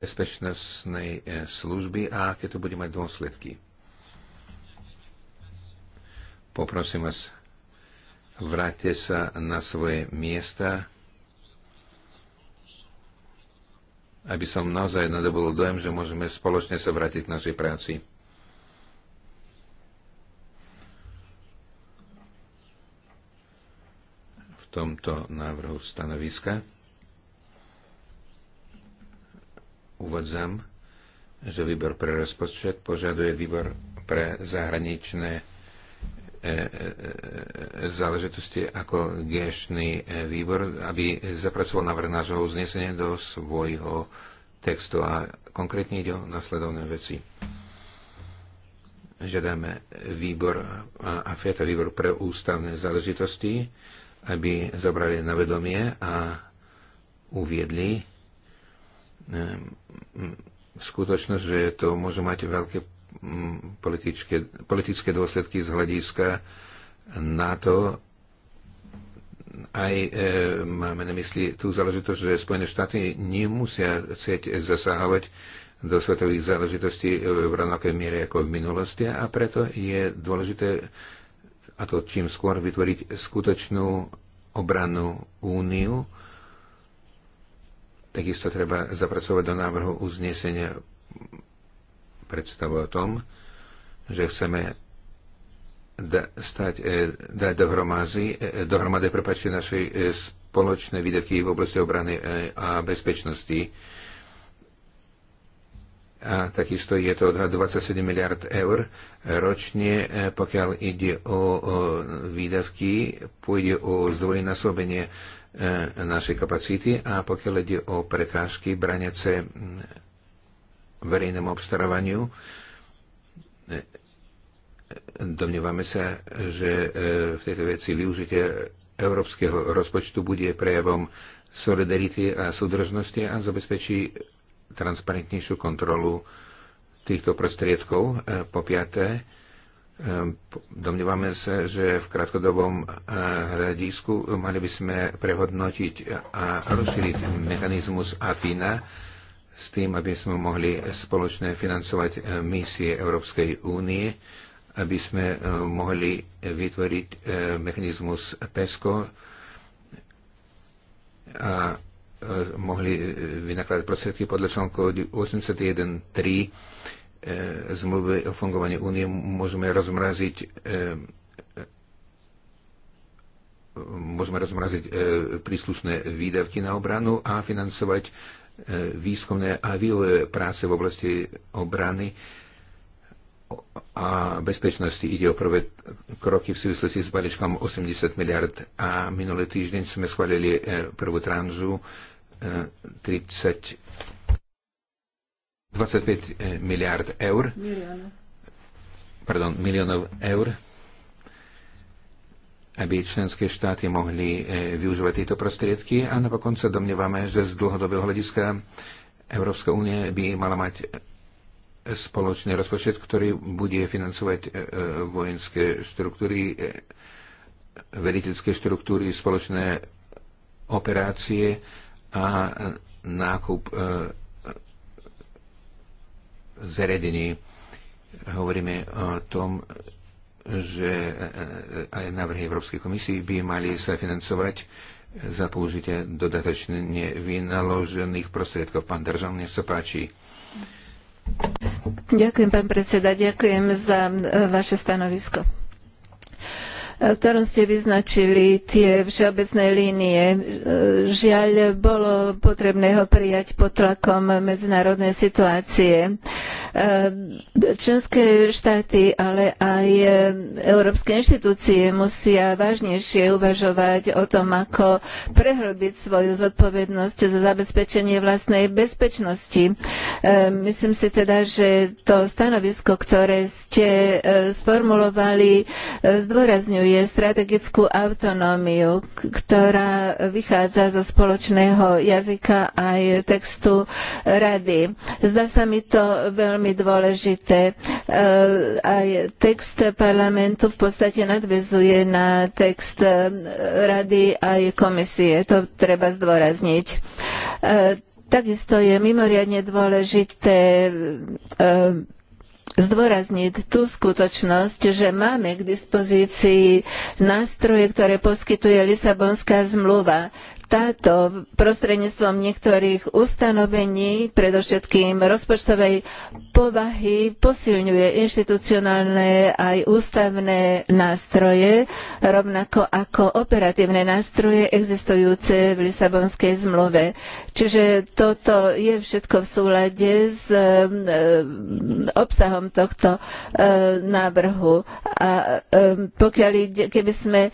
bezpečnostnej e, služby a aké to bude mať dôsledky. Poprosím vás, vráťte sa na svoje miesta, aby som naozaj nadobol dojem, že môžeme spoločne sa vrátiť k našej práci. V tomto návrhu stanoviska. Uvádzam, že výbor pre rozpočet požaduje výbor pre zahraničné e, e, e, záležitosti ako gešný výbor, aby zapracoval návrh nášho uznesenia do svojho textu a konkrétne ide o nasledovné veci. Žiadame výbor a FETA výbor pre ústavné záležitosti, aby zobrali na vedomie a uviedli Ehm, skutočnosť, že to môže mať veľké mm, politické, politické dôsledky z hľadiska NATO. Aj e, máme na mysli tú záležitosť, že Spojené štáty nemusia chcieť zasahovať do svetových záležitostí e, v rovnakej miere ako v minulosti a preto je dôležité a to čím skôr vytvoriť skutočnú obranu úniu, Takisto treba zapracovať do návrhu uznesenia predstavu o tom, že chceme da, stať, e, dať dohromady, e, e, dohromady prepačte, našej spoločné výdavky v oblasti obrany a bezpečnosti. A takisto je to 27 miliard eur ročne, pokiaľ ide o, o výdavky, pôjde o zdvojnásobenie E, našej kapacity a pokiaľ ide o prekážky braniace mm, verejnému obstarávaniu, e, domnievame sa, že e, v tejto veci využitie európskeho rozpočtu bude prejavom solidarity a súdržnosti a zabezpečí transparentnejšiu kontrolu týchto prostriedkov. Po piaté, Ehm, domnievame sa, že v krátkodobom eh, hľadisku mali by sme prehodnotiť a rozšíriť mechanizmus AFINA s tým, aby sme mohli spoločne financovať eh, misie Európskej únie, aby sme eh, mohli vytvoriť mechanizmus PESCO a mohli vynakladať prostriedky podľa článku 81.3 E, zmluvy o fungovaní únie môžeme rozmraziť e, e, môžeme rozmraziť príslušné výdavky na obranu a financovať výskumné a vývojové práce v oblasti obrany a bezpečnosti. Ide o prvé kroky v súvislosti s balíčkom 80 miliard a minulý týždeň sme schválili prvú tranžu 30 25 eh, miliard eur. Miliónov. Pardon, miliónov eur aby členské štáty mohli eh, využívať tieto prostriedky a napokon sa domnievame, že z dlhodobého hľadiska Európska únie by mala mať spoločný rozpočet, ktorý bude financovať eh, vojenské štruktúry, veriteľské štruktúry, spoločné operácie a nákup zariadení. Hovoríme o tom, že e, e, aj návrhy Európskej komisie by mali sa financovať za použitie dodatočne vynaložených prostriedkov. Pán Držan, nech sa páči. Ďakujem, pán predseda, ďakujem za e, vaše stanovisko v ktorom ste vyznačili tie všeobecné línie. E, Žiaľ, bolo potrebné ho prijať pod tlakom medzinárodnej situácie. E, Členské štáty, ale aj európske inštitúcie musia vážnejšie uvažovať o tom, ako prehlbiť svoju zodpovednosť za zabezpečenie vlastnej bezpečnosti. E, Myslím si teda, že to stanovisko, ktoré ste sformulovali, zdôrazňuje umožňuje strategickú autonómiu, ktorá vychádza zo spoločného jazyka aj textu rady. Zdá sa mi to veľmi dôležité. E, aj text parlamentu v podstate nadvezuje na text e, rady aj komisie. To treba zdôrazniť. E, takisto je mimoriadne dôležité zdôrazniť tú skutočnosť, že máme k dispozícii nástroje, ktoré poskytuje Lisabonská zmluva táto prostredníctvom niektorých ustanovení, predovšetkým rozpočtovej povahy, posilňuje inštitucionálne aj ústavné nástroje, rovnako ako operatívne nástroje existujúce v Lisabonskej zmluve. Čiže toto je všetko v súlade s e, obsahom tohto e, návrhu. A e, pokiaľ keby sme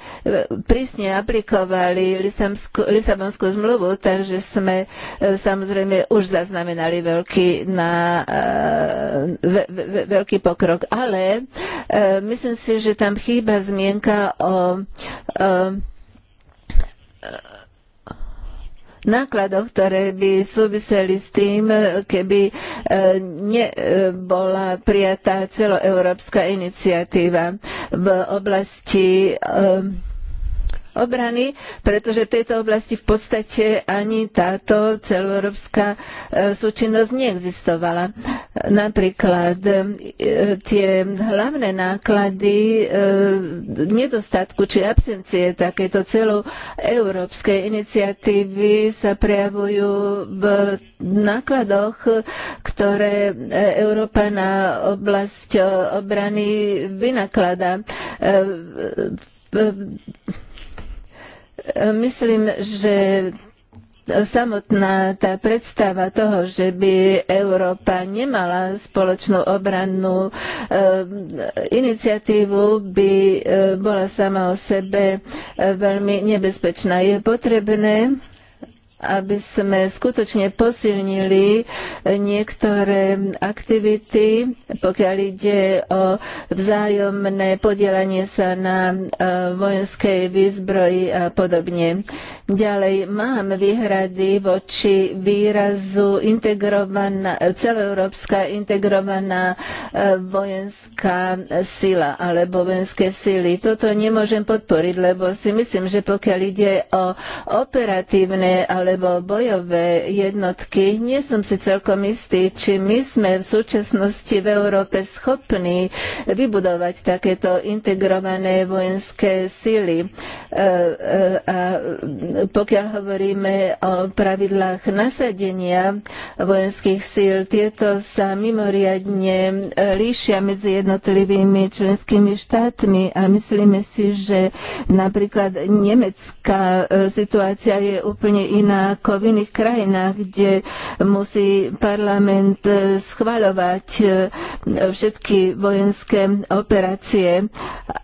prísne aplikovali Lisabonskú Lisabonskú zmluvu, takže sme e, samozrejme už zaznamenali veľký, na, e, ve, ve, ve, veľký pokrok. Ale e, myslím si, že tam chýba zmienka o, o nákladov, ktoré by súviseli s tým, keby nebola prijatá celoeurópska iniciatíva v oblasti obrany, pretože v tejto oblasti v podstate ani táto celoeurópska e, súčinnosť neexistovala. Napríklad e, tie hlavné náklady e, nedostatku či absencie takéto celoeurópskej iniciatívy sa prejavujú v nákladoch, ktoré Európa na oblasť obrany vynakladá. Myslím, že samotná tá predstava toho, že by Európa nemala spoločnú obrannú e, iniciatívu, by e, bola sama o sebe eh, veľmi nebezpečná. Je potrebné aby sme skutočne posilnili niektoré aktivity, pokiaľ ide o vzájomné podielanie sa na e, vojenskej výzbroji a podobne. Ďalej mám výhrady voči výrazu integrovaná, celoeurópska integrovaná e, vojenská sila alebo vojenské sily. Toto nemôžem podporiť, lebo si myslím, že pokiaľ ide o operatívne ale alebo bojové jednotky. Nie som si celkom istý, či my sme v súčasnosti v Európe schopní vybudovať takéto integrované vojenské síly. E, e, a pokiaľ hovoríme o pravidlách nasadenia vojenských síl, tieto sa mimoriadne e, líšia medzi jednotlivými členskými štátmi a myslíme si, že napríklad nemecká situácia je úplne iná iná ako v iných krajinách, kde musí parlament e, schvaľovať e, všetky vojenské operácie.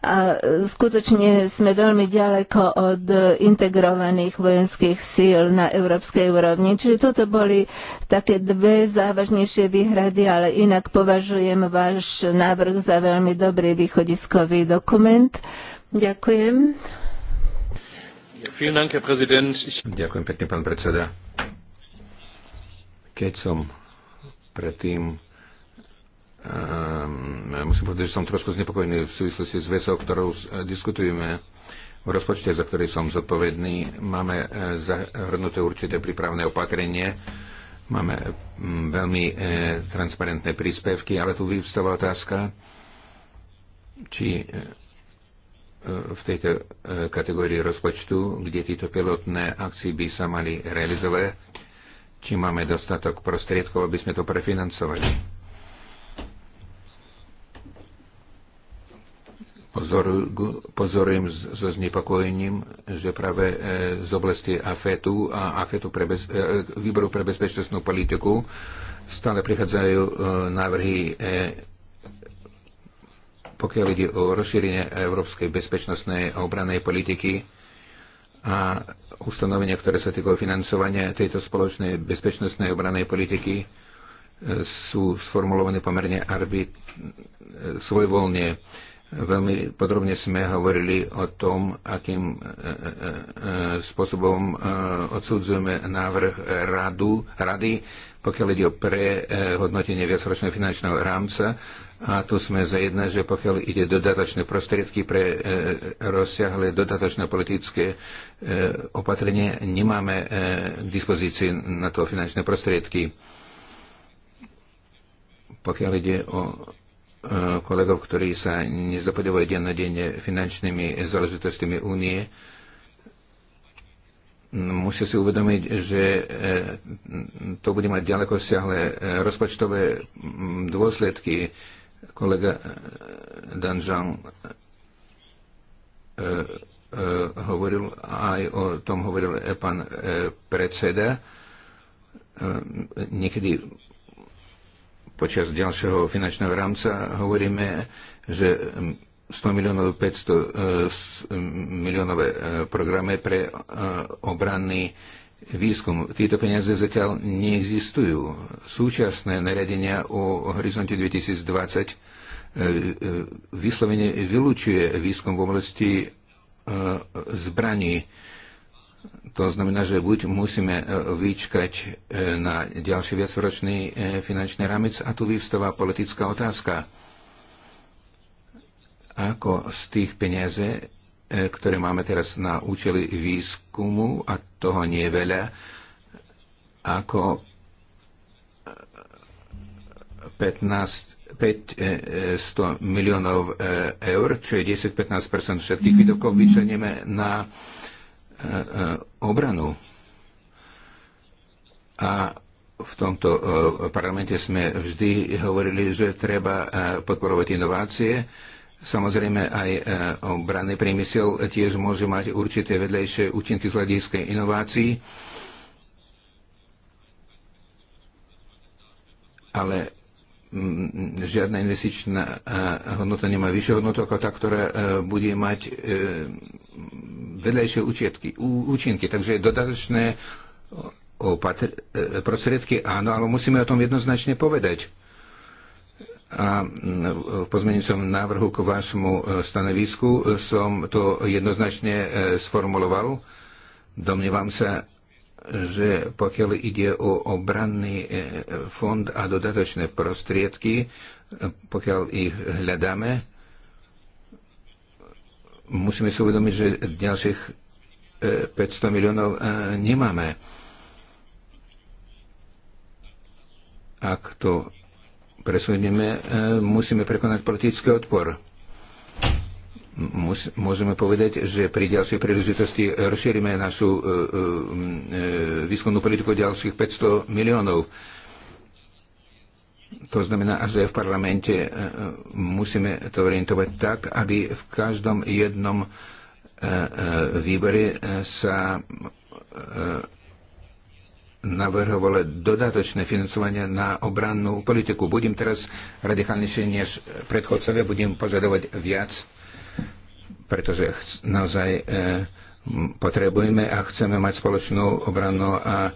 A skutočne sme veľmi ďaleko od integrovaných vojenských síl na európskej úrovni. Čiže toto boli také dve závažnejšie výhrady, ale inak považujem váš návrh za veľmi dobrý východiskový dokument. Ďakujem. Ďakujem pekne, pán predseda. Keď som predtým um, musím povedať, že som trošku znepokojený v súvislosti s vecou, ktorou diskutujeme v rozpočte, za ktorý som zodpovedný. Máme eh, zahrnuté určité prípravné opatrenie, máme mm, veľmi e, transparentné príspevky, ale tu vyvstáva otázka, či e, v tejto e, kategórii rozpočtu, kde tieto pilotné akcie by sa mali realizovať, či máme dostatok prostriedkov, aby sme to prefinancovali. pozorujem so znepokojením, že práve e, z oblasti AFETu a AFETu pre bez, e, výboru pre bezpečnostnú politiku stále prichádzajú návrhy pokiaľ ide o rozšírenie európskej bezpečnostnej a obranej politiky a ustanovenia, ktoré sa týkajú financovania tejto spoločnej bezpečnostnej obranej politiky, e, sú sformulované pomerne arbit e, svojvoľne. Veľmi podrobne sme hovorili o tom, akým e, e, e, spôsobom odsudzujeme návrh radu, rady, pokiaľ ide o prehodnotenie viacročného finančného rámca. A tu sme jedné, že pokiaľ ide dodatočné prostriedky pre rozsiahle dodatočné politické opatrenie, nemáme k dispozícii na to finančné prostriedky. Pokiaľ ide o Eh, kolegov, ktorí sa na deň finančnými záležitostiami únie, musia si uvedomiť, že eh, to bude mať ďaleko siahle eh, rozpočtové mm, dôsledky. Kolega Danžan hovoril, aj o tom hovoril pán predseda. Niekedy Počas ďalšieho finančného rámca hovoríme, že 100 miliónov 500 eh, miliónové eh, programy pre eh, obranný výskum. Tieto peniaze zatiaľ neexistujú. Súčasné nariadenia o horizonte 2020 vyslovene vylúčuje výskum v oblasti zbraní. To znamená, že buď musíme e, vyčkať e, na ďalší viacročný e, finančný rámec a tu vyvstáva politická otázka. Ako z tých peniaze, ktoré máme teraz na účely výskumu, a toho nie je veľa, ako 15, 500 miliónov eur, čo je 10-15 všetkých mhm. výdokov, vyčlenieme na E, e, obranu. A v tomto e, parlamente sme vždy hovorili, že treba podporovať inovácie. Samozrejme aj obranný priemysel tiež môže mať určité vedlejšie účinky z hľadiska inovácií. Ale mm, žiadna investičná hodnota nemá vyššiu hodnotu ako tá, ktorá bude mať vedľajšie ú, účinky. Takže dodatočné opatr- e, prostriedky áno, ale musíme o tom jednoznačne povedať. A mm, v pozmenicom návrhu k vášmu e, stanovisku e, som to jednoznačne sformuloval. Domnievam sa, že pokiaľ ide o obranný fond a dodatočné prostriedky, pokiaľ ich hľadáme, musíme si uvedomiť, že ďalších 500 e, miliónov e, nemáme. Ak to presunieme, e, musíme prekonať politický odpor. Môžeme povedať, že pri ďalšej príležitosti rozšírime našu výskumnú politiku ďalších 500 miliónov to znamená, že v parlamente e, e, musíme to orientovať tak, aby v každom jednom e, výbore sa navrhovalo dodatočné financovanie na obrannú politiku. Budem teraz radikálnejšie než predchodcovia, budem požadovať viac, pretože naozaj potrebujeme a chceme mať spoločnú obrannú a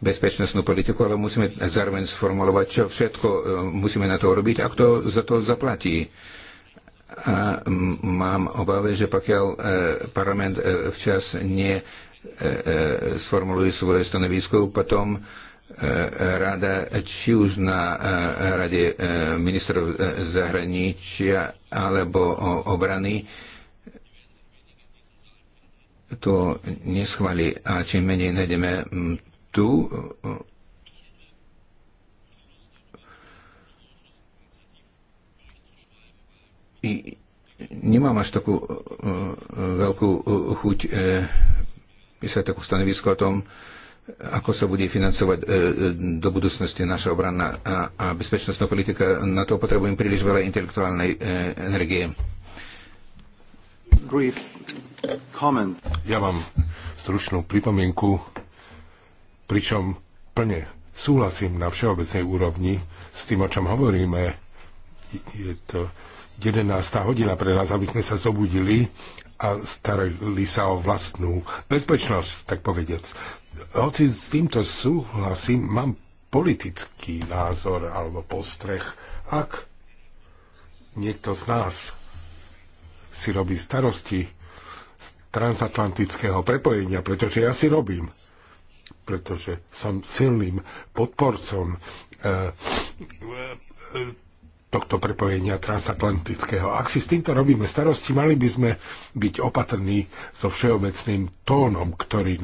bezpečnostnú politiku, ale musíme zároveň sformulovať, čo všetko e, musíme na to robiť a kto za to zaplatí. A mám obavy, že pokiaľ e, parlament e, včas nie sformuluje svoje stanovisko, potom rada, či už na rade ministrov zahraničia alebo obrany, to neschvali a čím menej nájdeme tu e, i nemám až takú uh, veľkú uh, chuť písať takú stanovisko o tom, ako sa bude financovať uh, do budúcnosti naša obranná a a bezpečnostná politika. Na to potrebujem príliš veľa intelektuálnej uh, energie. Ja mám stručnú pripomienku Pričom plne súhlasím na všeobecnej úrovni s tým, o čom hovoríme. Je to 11. hodina pre nás, aby sme sa zobudili a starali sa o vlastnú bezpečnosť, tak povediac. Hoci s týmto súhlasím, mám politický názor alebo postreh, ak niekto z nás si robí starosti z transatlantického prepojenia, pretože ja si robím pretože som silným podporcom e, e, tohto prepojenia transatlantického. Ak si s týmto robíme starosti, mali by sme byť opatrní so všeobecným tónom, ktorý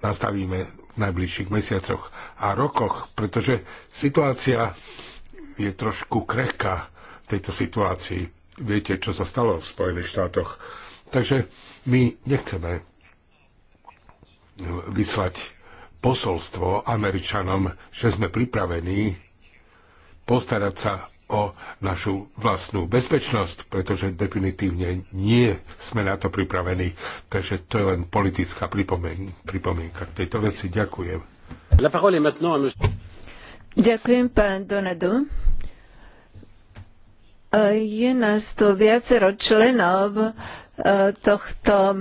nastavíme v najbližších mesiacoch a rokoch, pretože situácia je trošku krehká v tejto situácii. Viete, čo sa stalo v Spojených štátoch. Takže my nechceme vyslať posolstvo Američanom, že sme pripravení postarať sa o našu vlastnú bezpečnosť, pretože definitívne nie sme na to pripravení. Takže to je len politická pripomienka k tejto veci. Ďakujem. Ďakujem, pán Donadu. Je nás tu viacero členov tohto e,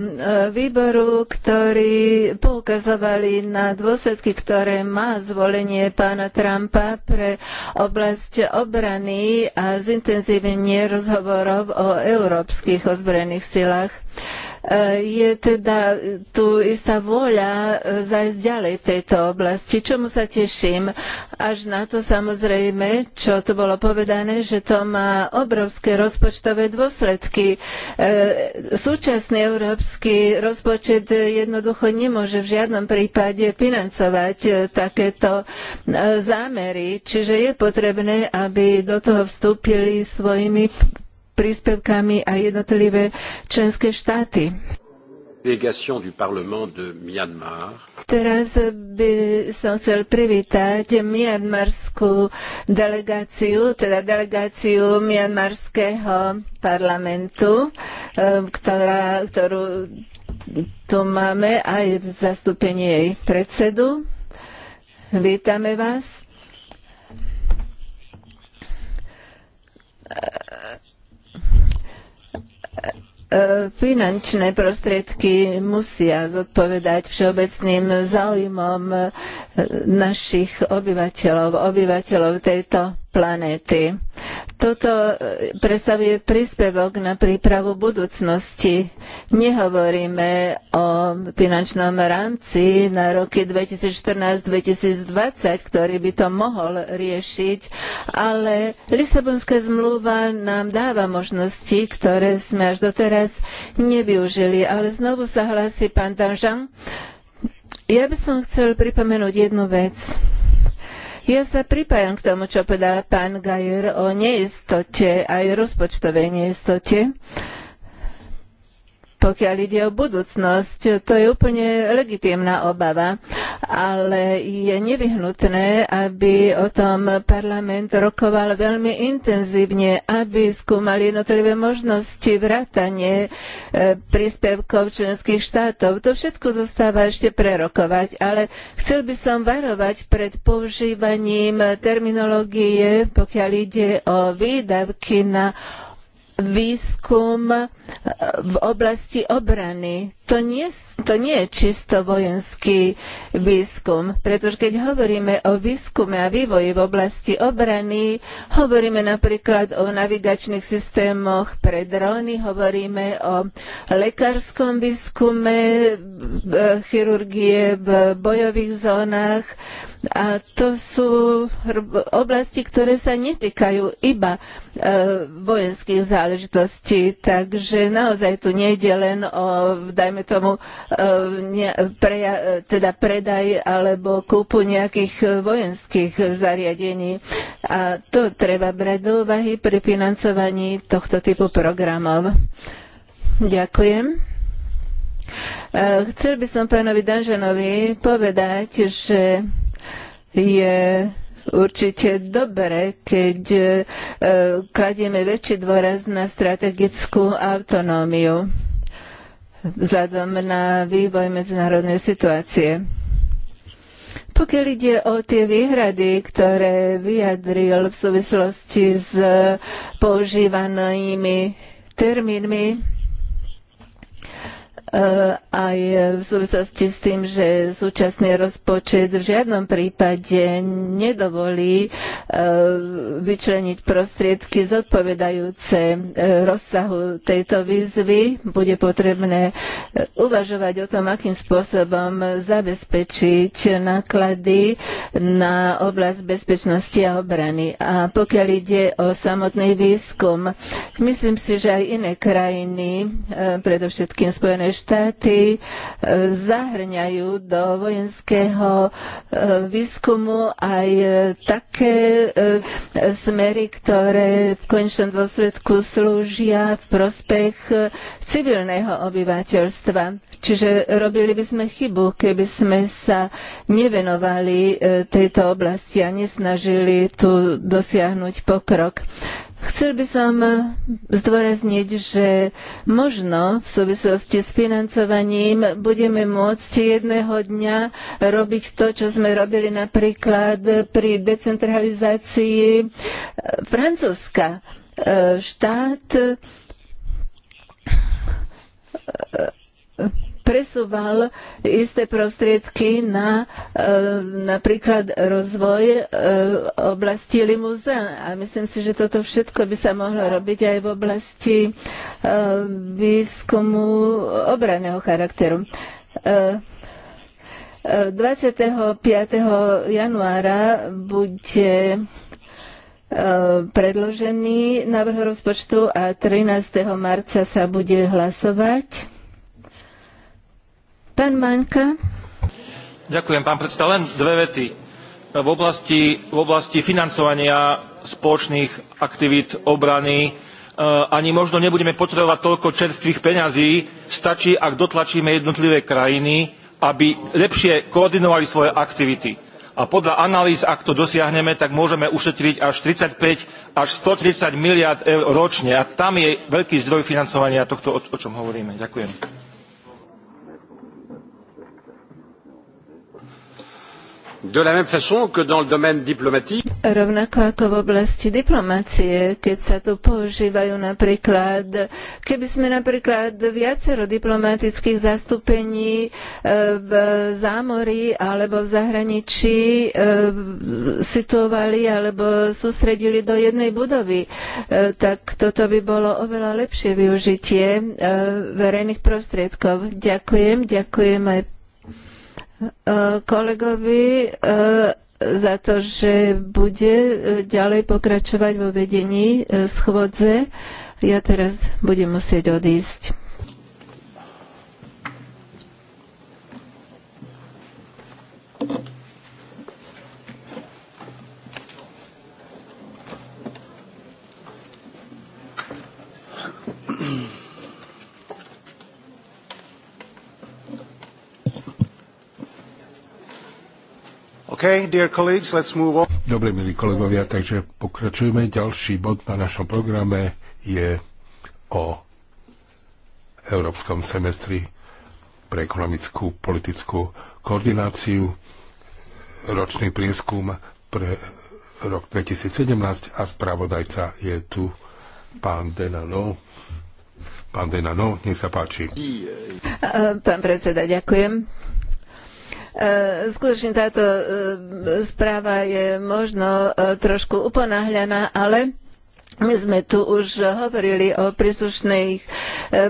výboru, ktorí poukazovali na dôsledky, ktoré má zvolenie pána Trumpa pre oblasť obrany a zintenzívnenie rozhovorov o európskych ozbrojených silách. E, je teda tu istá vôľa e, zajsť ďalej v tejto oblasti, čomu sa teším. Až na to samozrejme, čo tu bolo povedané, že to má obrovské rozpočtové dôsledky. E, súčasný európsky rozpočet jednoducho nemôže v žiadnom prípade financovať takéto zámery, čiže je potrebné, aby do toho vstúpili svojimi príspevkami aj jednotlivé členské štáty. Teraz by som chcel privítať mianmarskú delegáciu, teda delegáciu mianmarského parlamentu, eh, ktorá, ktorú tu máme aj v zastúpení jej predsedu. Vítame vás. E, finančné prostriedky musia zodpovedať všeobecným záujmom e, našich obyvateľov, obyvateľov tejto planéty. Toto e, predstavuje príspevok na prípravu budúcnosti. Nehovoríme o finančnom rámci na roky 2014-2020, ktorý by to mohol riešiť, ale Lisabonská zmluva nám dáva možnosti, ktoré sme až doteraz nevyužili. Ale znovu sa hlási pán Danžan. Ja by som chcel pripomenúť jednu vec. Ja sa pripájam k tomu, čo povedal pán Gajer o neistote, aj rozpočtovej neistote pokiaľ ide o budúcnosť. To je úplne legitímna obava, ale je nevyhnutné, aby o tom parlament rokoval veľmi intenzívne, aby skúmali jednotlivé možnosti vrátanie e, príspevkov členských štátov. To všetko zostáva ešte prerokovať, ale chcel by som varovať pred používaním terminológie, pokiaľ ide o výdavky na výskum v oblasti obrany to nie, to nie je čisto vojenský výskum, pretože keď hovoríme o výskume a vývoji v oblasti obrany, hovoríme napríklad o navigačných systémoch pre dróny, hovoríme o lekárskom výskume e, chirurgie v bojových zónach a to sú oblasti, ktoré sa netýkajú iba e, vojenských záležitostí, takže naozaj tu nejde len o, dajme dajme tomu, e, ne, e, teda predaj alebo kúpu nejakých e, vojenských zariadení. A to treba brať do úvahy pri financovaní tohto typu programov. Ďakujem. Chcel by som pánovi Danženovi povedať, že je určite dobre, keď kladieme väčší dôraz na strategickú autonómiu vzhľadom na vývoj medzinárodnej situácie. Pokiaľ ide o tie výhrady, ktoré vyjadril v súvislosti s používanými termínmi, E, aj v súvislosti s tým, že súčasný rozpočet v žiadnom prípade nedovolí e, vyčleniť prostriedky zodpovedajúce e, rozsahu tejto výzvy. Bude potrebné uvažovať o tom, akým spôsobom zabezpečiť náklady na oblasť bezpečnosti a obrany. A pokiaľ ide o samotný výskum, myslím si, že aj iné krajiny, predovšetkým Spojené štáty e, zahrňajú do vojenského e, výskumu aj e, také smery, ktoré v konečnom dôsledku slúžia v prospech civilného obyvateľstva. Čiže robili by sme chybu, keby sme sa nevenovali tejto oblasti a nesnažili tu dosiahnuť pokrok. Chcel by som e, zdôrazniť, že možno v súvislosti s financovaním budeme môcť jedného dňa robiť to, čo sme robili napríklad pri decentralizácii e, Francúzska. E, štát presúval isté prostriedky na e, napríklad rozvoj e, oblasti limuzén. A myslím si, že toto všetko by sa mohlo robiť aj v oblasti e, výskumu obraného charakteru. 25. januára bude predložený návrh rozpočtu a 13. marca sa bude hlasovať. Pán Ďakujem, pán predseda. Len dve vety. V oblasti, v oblasti financovania spoločných aktivít obrany e, ani možno nebudeme potrebovať toľko čerstvých peňazí. Stačí, ak dotlačíme jednotlivé krajiny, aby lepšie koordinovali svoje aktivity. A podľa analýz, ak to dosiahneme, tak môžeme ušetriť až 35 až 130 miliard eur ročne. A tam je veľký zdroj financovania tohto, o čom hovoríme. Ďakujem. Rovnako ako v oblasti diplomacie, keď sa tu používajú napríklad, keby sme napríklad viacero diplomatických zastúpení e, v zámori alebo v zahraničí e, situovali alebo sústredili do jednej budovy, e, tak toto by bolo oveľa lepšie využitie verejných prostriedkov. Ďakujem, ďakujem aj E, kolegovi e, za to, že bude e, ďalej pokračovať vo vedení schôdze. Ja teraz budem musieť odísť. Thank you. Okay, dear colleagues, let's move on. Dobre, milí kolegovia, takže pokračujeme. Ďalší bod na našom programe je o Európskom semestri pre ekonomickú politickú koordináciu, ročný prieskum pre rok 2017 a spravodajca je tu pán Denano. Pán Denano, nech sa páči. Pán predseda, ďakujem. E, skutočne táto e, správa je možno e, trošku uponáhľaná, ale my sme tu už hovorili o príslušnej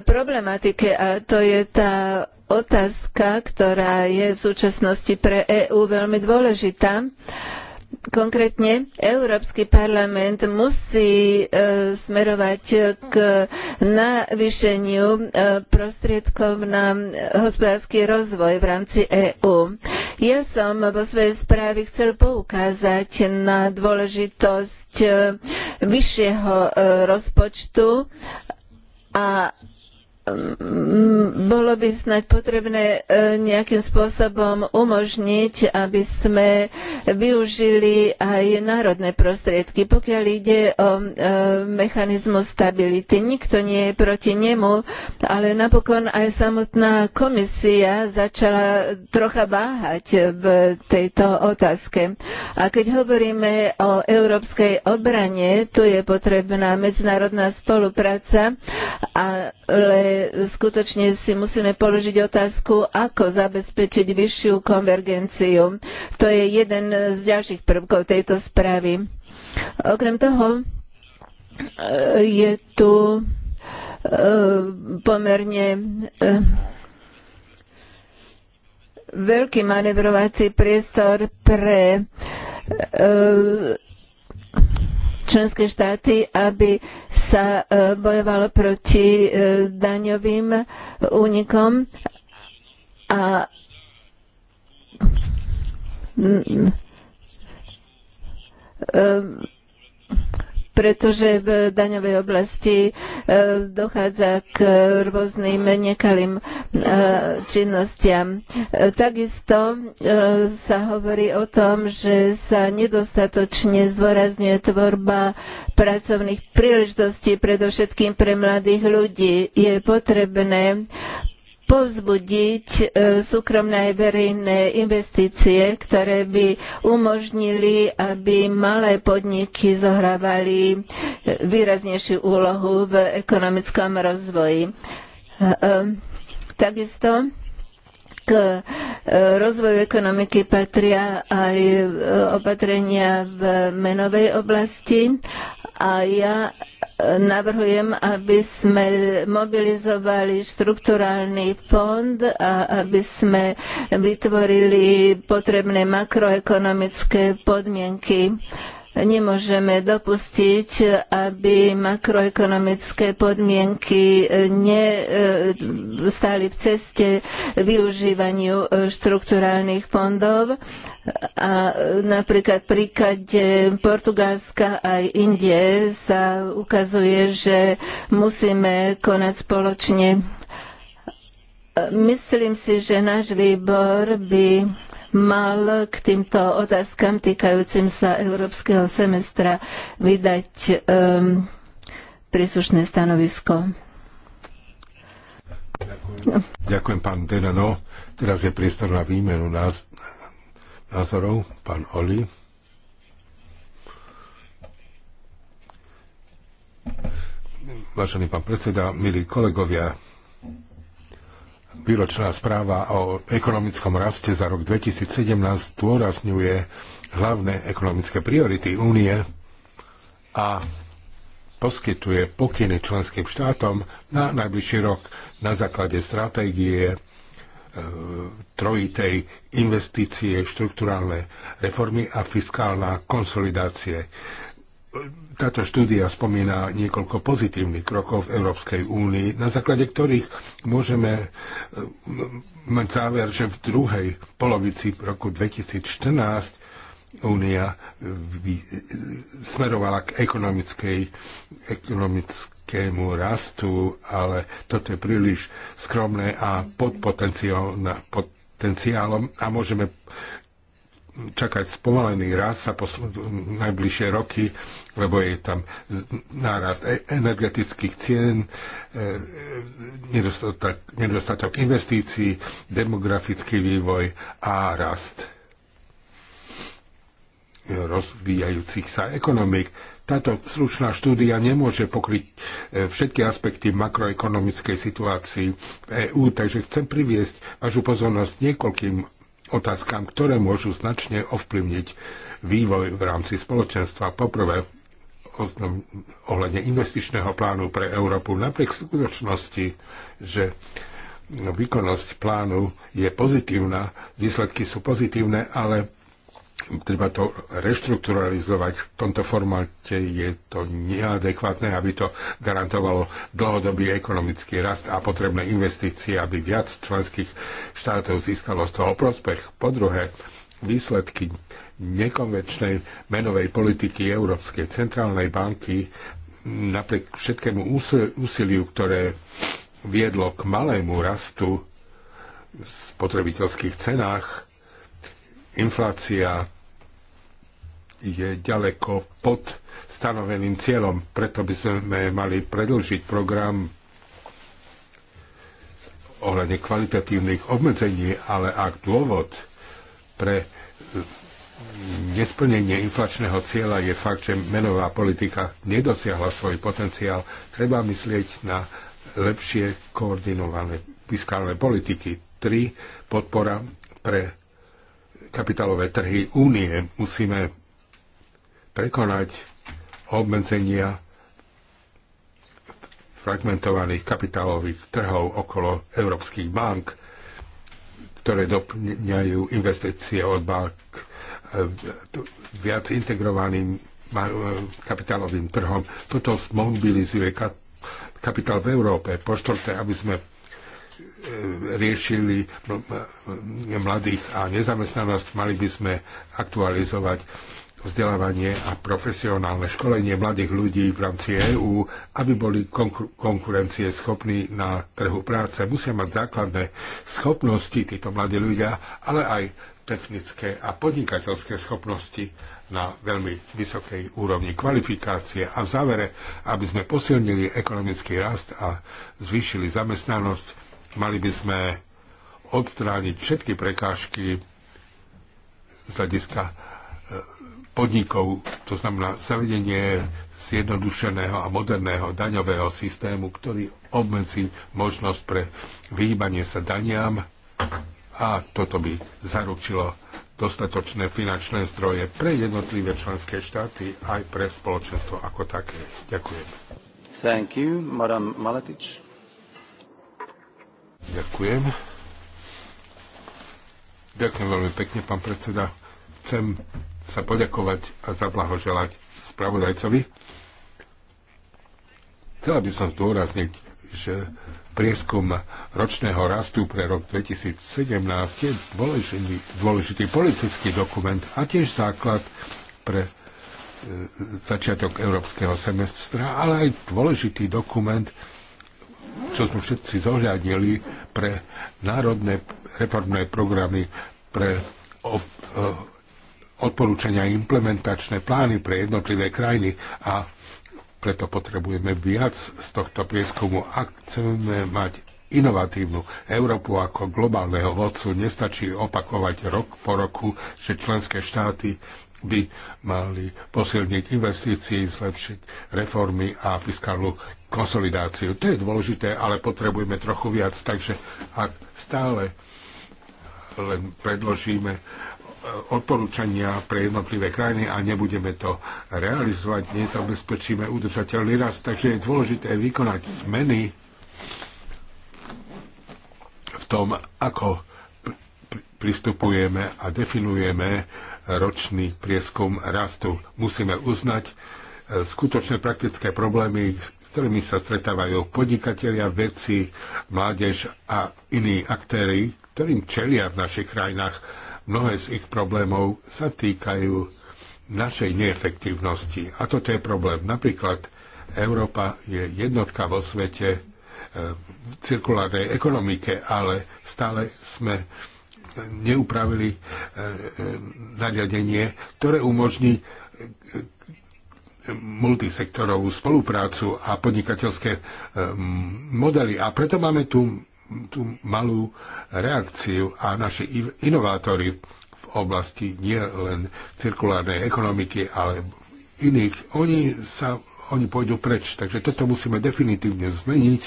problematike a to je tá otázka, ktorá je v súčasnosti pre EÚ veľmi dôležitá. Uh, Konkrétne Európsky parlament musí e, smerovať k navýšeniu e, prostriedkov na hospodársky rozvoj v rámci EÚ. Ja som vo svojej správe chcel poukázať na dôležitosť e, vyššieho rozpočtu a Mm, bolo by snať potrebné e, nejakým spôsobom umožniť, aby sme využili aj národné prostriedky. Pokiaľ ide o e, mechanizmus stability, nikto nie je proti nemu, ale napokon aj samotná komisia začala trocha váhať v tejto otázke. A keď hovoríme o európskej obrane, tu je potrebná medzinárodná spolupráca, ale skutočne si musíme položiť otázku, ako zabezpečiť vyššiu konvergenciu. To je jeden z ďalších prvkov tejto správy. Okrem toho e, je tu e, pomerne e, veľký manevrovací priestor pre členské štáty, aby sa e, bojovalo proti e, daňovým únikom a pretože v daňovej oblasti e, dochádza k rôznym nekalým e, činnostiam. E, takisto sa hovorí o tom, že sa nedostatočne zdôrazňuje tvorba pracovných príležitostí, predovšetkým pre mladých ľudí. Je potrebné povzbudiť e, súkromné aj verejné investície, ktoré by umožnili, aby malé podniky zohrávali e, výraznejšiu úlohu v ekonomickom rozvoji. E, takisto k rozvoju ekonomiky patria aj opatrenia v menovej oblasti a ja Navrhujem, aby sme mobilizovali štrukturálny fond a aby sme vytvorili potrebné makroekonomické podmienky. Nemôžeme dopustiť, aby makroekonomické podmienky e, nestali e, v ceste využívaniu e, štrukturálnych fondov. A napríklad v príklade Portugalska aj Indie sa ukazuje, že musíme konať spoločne. Myslím si, že náš výbor by mal k týmto otázkam týkajúcim sa európskeho semestra vydať um, príslušné stanovisko. Ďakujem, Ďakujem pán Denano. Teraz je priestor na výmenu nás, názorov. Pán Oli. Vážený pán predseda, milí kolegovia, Výročná správa o ekonomickom raste za rok 2017 dôrazňuje hlavné ekonomické priority únie a poskytuje pokyny členským štátom na najbližší rok na základe stratégie e, trojitej investície, štruktúrálne reformy a fiskálna konsolidácie táto štúdia spomína niekoľko pozitívnych krokov v Európskej únii, na základe ktorých môžeme e, mať záver, že v druhej polovici roku 2014 únia e, smerovala k ekonomickej, ekonomickému rastu, ale toto je príliš skromné a pod potenciálom a môžeme čakať spomalený rast sa posl- najbližšie roky, lebo je tam nárast e- energetických cien, e, nedostatok, nedostatok investícií, demografický vývoj a rast rozvíjajúcich sa ekonomik. Táto stručná štúdia nemôže pokryť e, všetky aspekty makroekonomickej situácii v EÚ, takže chcem priviesť vašu pozornosť niekoľkým otázkam, ktoré môžu značne ovplyvniť vývoj v rámci spoločenstva. Poprvé, ohľadne investičného plánu pre Európu, napriek skutočnosti, že výkonnosť plánu je pozitívna, výsledky sú pozitívne, ale treba to reštrukturalizovať. V tomto formáte je to neadekvátne, aby to garantovalo dlhodobý ekonomický rast a potrebné investície, aby viac členských štátov získalo z toho prospech. Po druhé, výsledky nekonvenčnej menovej politiky Európskej centrálnej banky napriek všetkému úsiliu, ktoré viedlo k malému rastu v spotrebiteľských cenách, inflácia je ďaleko pod stanoveným cieľom, preto by sme mali predlžiť program ohľadne kvalitatívnych obmedzení, ale ak dôvod pre nesplnenie inflačného cieľa je fakt, že menová politika nedosiahla svoj potenciál, treba myslieť na lepšie koordinované fiskálne politiky. 3. Podpora pre kapitálové trhy únie. Musíme prekonať obmedzenia fragmentovaných kapitálových trhov okolo európskych bank, ktoré doplňajú investície od bank eh, viac integrovaným eh, kapitálovým trhom. Toto zmobilizuje kapitál v Európe. Po štvrté, aby sme E, riešili mladých a nezamestnanosť, mali by sme aktualizovať vzdelávanie a profesionálne školenie mladých ľudí v rámci EÚ, aby boli konkurencie schopní na trhu práce. Musia mať základné schopnosti títo mladí ľudia, ale aj technické a podnikateľské schopnosti na veľmi vysokej úrovni kvalifikácie a v závere, aby sme posilnili ekonomický rast a zvýšili zamestnanosť Mali by sme odstrániť všetky prekážky z hľadiska e, podnikov, to znamená zavedenie zjednodušeného a moderného daňového systému, ktorý obmedzí možnosť pre vyhýbanie sa daniam a toto by zaručilo dostatočné finančné zdroje pre jednotlivé členské štáty aj pre spoločenstvo ako také. Ďakujem. Thank you, Madam Maletic. Ďakujem. Ďakujem veľmi pekne, pán predseda. Chcem sa poďakovať a zablahoželať spravodajcovi. Chcela by som zdôrazniť, že prieskum ročného rastu pre rok 2017 je dôležitý, dôležitý politický dokument a tiež základ pre e, začiatok európskeho semestra, ale aj dôležitý dokument, čo sme všetci zohľadili, pre národné reformné programy, pre eh, odporúčania implementačné plány pre jednotlivé krajiny a preto potrebujeme viac z tohto prieskumu. Ak chceme mať inovatívnu Európu ako globálneho vodcu, nestačí opakovať rok po roku, že členské štáty by mali posilniť investície, zlepšiť reformy a fiskálnu konsolidáciu. To je dôležité, ale potrebujeme trochu viac. Takže ak stále len predložíme eh, odporúčania pre jednotlivé krajiny a nebudeme to realizovať, nezabezpečíme udržateľný rast. Takže je dôležité vykonať zmeny v tom, ako pristupujeme a definujeme ročný prieskum rastu. Musíme uznať e, skutočné praktické problémy, s ktorými sa stretávajú podnikatelia, vedci, mládež a iní aktéry, ktorým čelia v našich krajinách. Mnohé z ich problémov sa týkajú našej neefektívnosti. A toto je problém. Napríklad Európa je jednotka vo svete e, v cirkulárnej ekonomike, ale stále sme neupravili eh, eh, nariadenie, ktoré umožní eh, multisektorovú spoluprácu a podnikateľské modely. A preto máme tú, tú malú reakciu a naši inovátori v oblasti nie len cirkulárnej ekonomiky, ale iných, oni sa oni pôjdu preč. Takže toto musíme definitívne zmeniť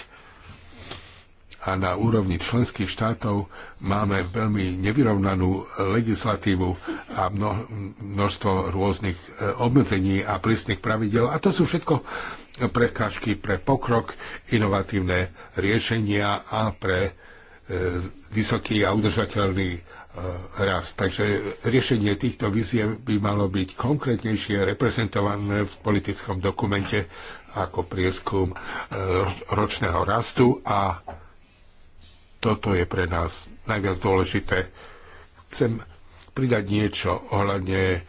a na úrovni členských štátov máme veľmi nevyrovnanú legislatívu a množstvo rôznych e, obmedzení a prísnych pravidel. A to sú všetko prekážky pre pokrok, inovatívne riešenia a pre e, vysoký a udržateľný e, rast. Takže riešenie týchto víziev by malo byť konkrétnejšie reprezentované v politickom dokumente ako prieskum ročného rastu a toto je pre nás najviac dôležité. Chcem pridať niečo ohľadne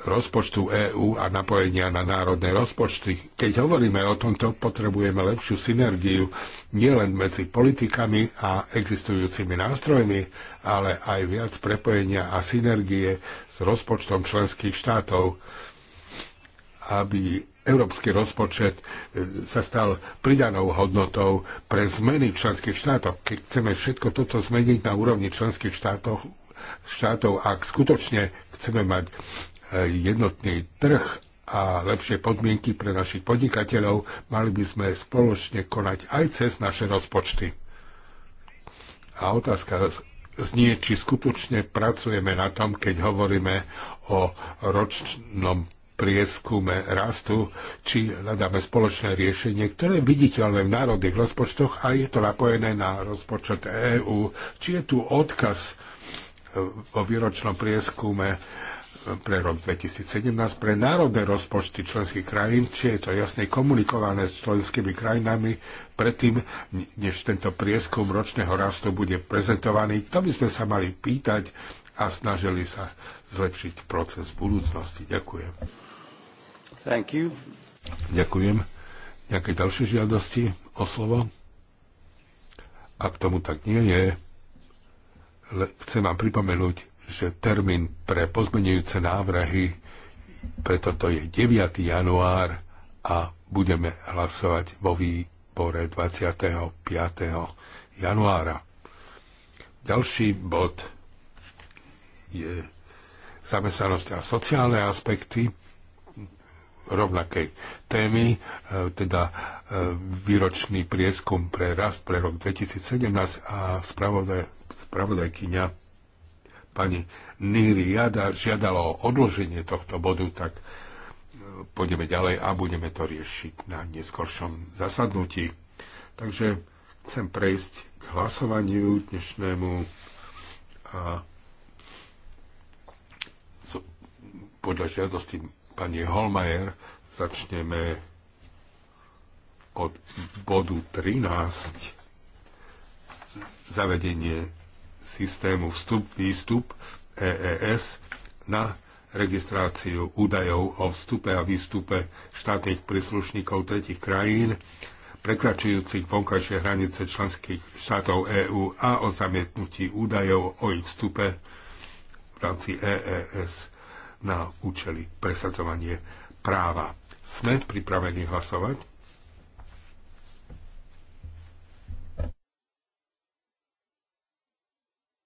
rozpočtu EÚ a napojenia na národné rozpočty. Keď hovoríme o tomto, potrebujeme lepšiu synergiu nielen medzi politikami a existujúcimi nástrojmi, ale aj viac prepojenia a synergie s rozpočtom členských štátov, aby európsky rozpočet e, sa stal pridanou hodnotou pre zmeny v členských štátoch. Keď chceme všetko toto zmeniť na úrovni členských štátov, štátov ak skutočne chceme mať e, jednotný trh a lepšie podmienky pre našich podnikateľov, mali by sme spoločne konať aj cez naše rozpočty. A otázka znie, či skutočne pracujeme na tom, keď hovoríme o ročnom prieskume rastu, či hľadáme spoločné riešenie, ktoré je viditeľné v národných rozpočtoch a je to napojené na rozpočet EÚ. Či je tu odkaz e, o výročnom prieskume e, pre rok 2017 pre národné rozpočty členských krajín, či je to jasne komunikované s členskými krajinami predtým, než tento prieskum ročného rastu bude prezentovaný. To by sme sa mali pýtať a snažili sa zlepšiť proces v budúcnosti. Ďakujem. Thank you. Ďakujem. Nejaké ďalšie žiadosti o slovo? Ak tomu tak nie je, chcem vám pripomenúť, že termín pre pozmenujúce návrhy pre toto je 9. január a budeme hlasovať vo výbore 25. januára. Ďalší bod je zamestnanosť a sociálne aspekty rovnakej témy, e, teda e, výročný prieskum pre rast pre rok 2017 a spravodaj, spravodajkyňa pani Nýri Jada žiadala o odloženie tohto bodu, tak e, pôjdeme ďalej a budeme to riešiť na neskoršom zasadnutí. Takže chcem prejsť k hlasovaniu dnešnému a podľa žiadosti pani Holmajer. Začneme od bodu 13 zavedenie systému vstup-výstup EES na registráciu údajov o vstupe a výstupe štátnych príslušníkov tretich krajín prekračujúcich vonkajšie hranice členských štátov EÚ e a o zamietnutí údajov o ich vstupe v rámci EES na účely presadzovanie práva. Sme pripravení hlasovať?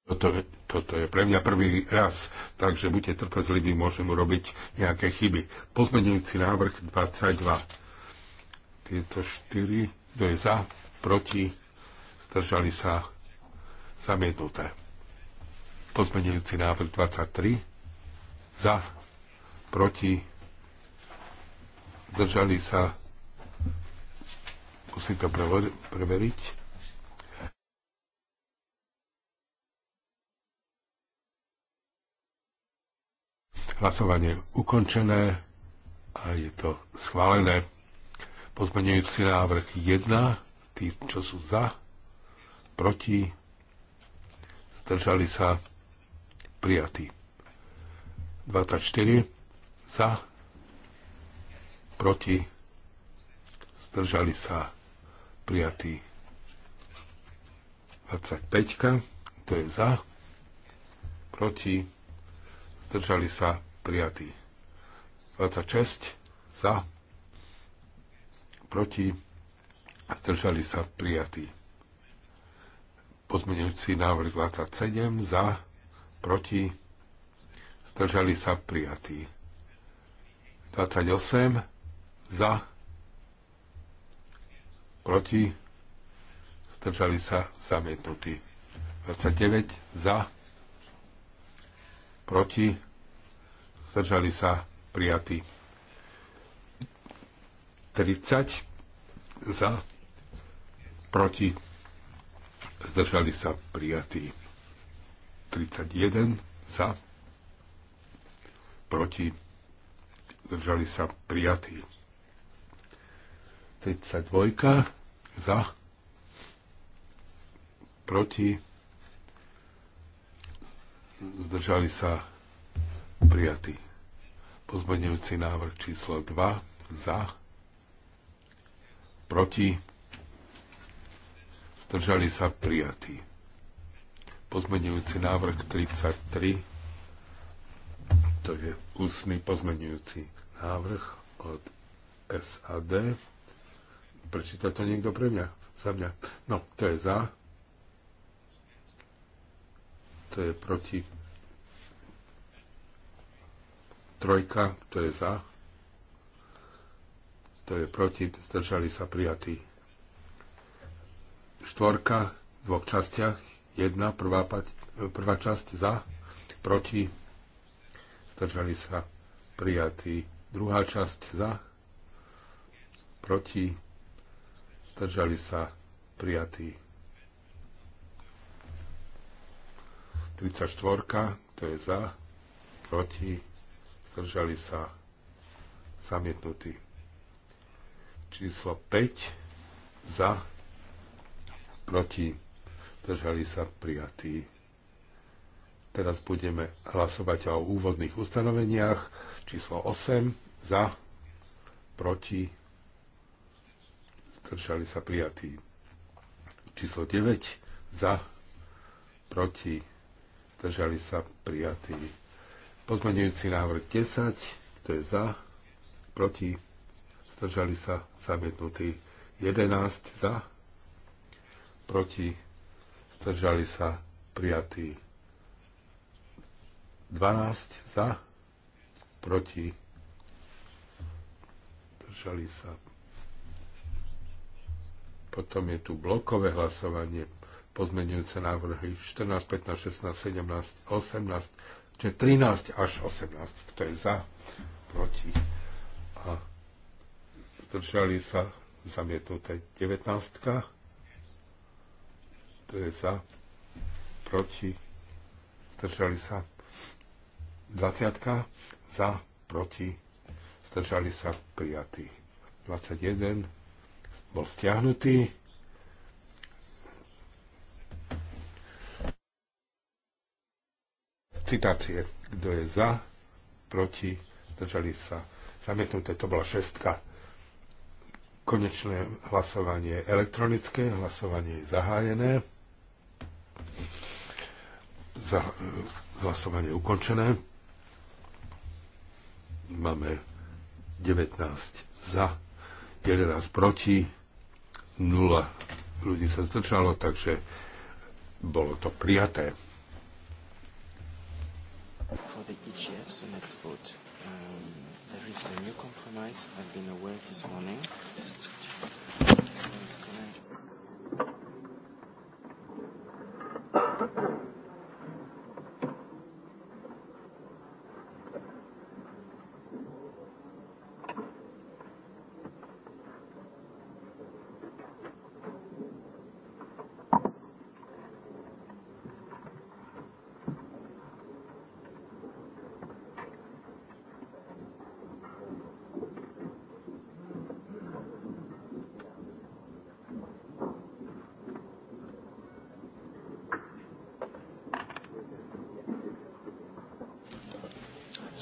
Toto, toto je pre mňa prvý raz, takže buďte trpezliví, môžem urobiť nejaké chyby. Pozmenujúci návrh 22. Tieto štyri, kto je za, proti, zdržali sa zamietnuté. Pozmenujúci návrh 23 za, proti, zdržali sa, musím to preveriť. Hlasovanie ukončené a je to schválené. Pozmenujúci návrh 1, tí, čo sú za, proti, zdržali sa, prijatí. 24 za, proti, zdržali sa prijatí. 25, to je za, proti, zdržali sa prijatí. 26 za, proti, zdržali sa prijatí. Pozmeňujúci návrh 27 za, proti, zdržali sa prijatí. 28 za, proti, zdržali sa zamietnutí. 29 za, proti, zdržali sa prijatí. 30 za, proti, zdržali sa prijatí. 31 za, proti, zdržali sa prijatí. 32 za, proti, zdržali sa prijatí. Pozmeňujúci návrh číslo 2 za, proti, zdržali sa prijatí. Pozmeňujúci návrh 33 to je ústny pozmenujúci návrh od SAD. Prečíta to niekto pre mňa? Za mňa. No, to je za. To je proti. Trojka, to je za. To je proti, zdržali sa prijatí. Štvorka v dvoch častiach. Jedna, prvá, prvá časť za, proti, zdržali sa prijatí. Druhá časť za, proti, zdržali sa prijatí. 34, to je za, proti, zdržali sa zamietnutí. Číslo 5, za, proti, zdržali sa prijatí. Teraz budeme hlasovať o úvodných ustanoveniach. Číslo 8 za, proti, zdržali sa prijatí. Číslo 9 za, proti, zdržali sa prijatí. Pozmenujúci návrh 10, to je za, proti, zdržali sa zamietnutí. 11 za, proti, zdržali sa prijatí. 12 za, proti, držali sa. Potom je tu blokové hlasovanie, pozmenujúce návrhy 14, 15, 16, 17, 18, čiže 13 až 18, kto je za, proti a zdržali sa zamietnuté 19, to je za, proti, zdržali sa 20 za, proti, zdržali sa prijatí. 21 bol stiahnutý. Citácie. Kto je za, proti, zdržali sa. Zamietnuté to bola šestka. Konečné hlasovanie elektronické, hlasovanie je zahájené. Za, hlasovanie ukončené. Máme 19 za, 11 proti, 0 ľudí sa zdržalo, takže bolo to prijaté. For the EGF, vote. Um, there is a new compromise. I've been aware this morning. Just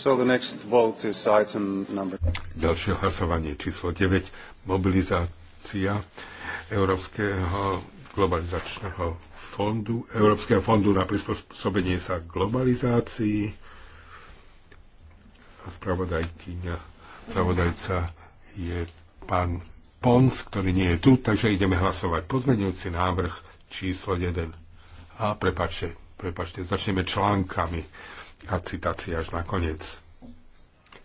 So the next vote is item number... Ďalšie hlasovanie číslo 9. Mobilizácia Európskeho globalizačného fondu, Európskeho fondu na prispôsobenie sa globalizácii. Spravodajkyňa, spravodajca je pán Pons, ktorý nie je tu, takže ideme hlasovať. Pozmenujúci návrh číslo 1. A prepačte, prepačte, začneme článkami a citácia až nakoniec.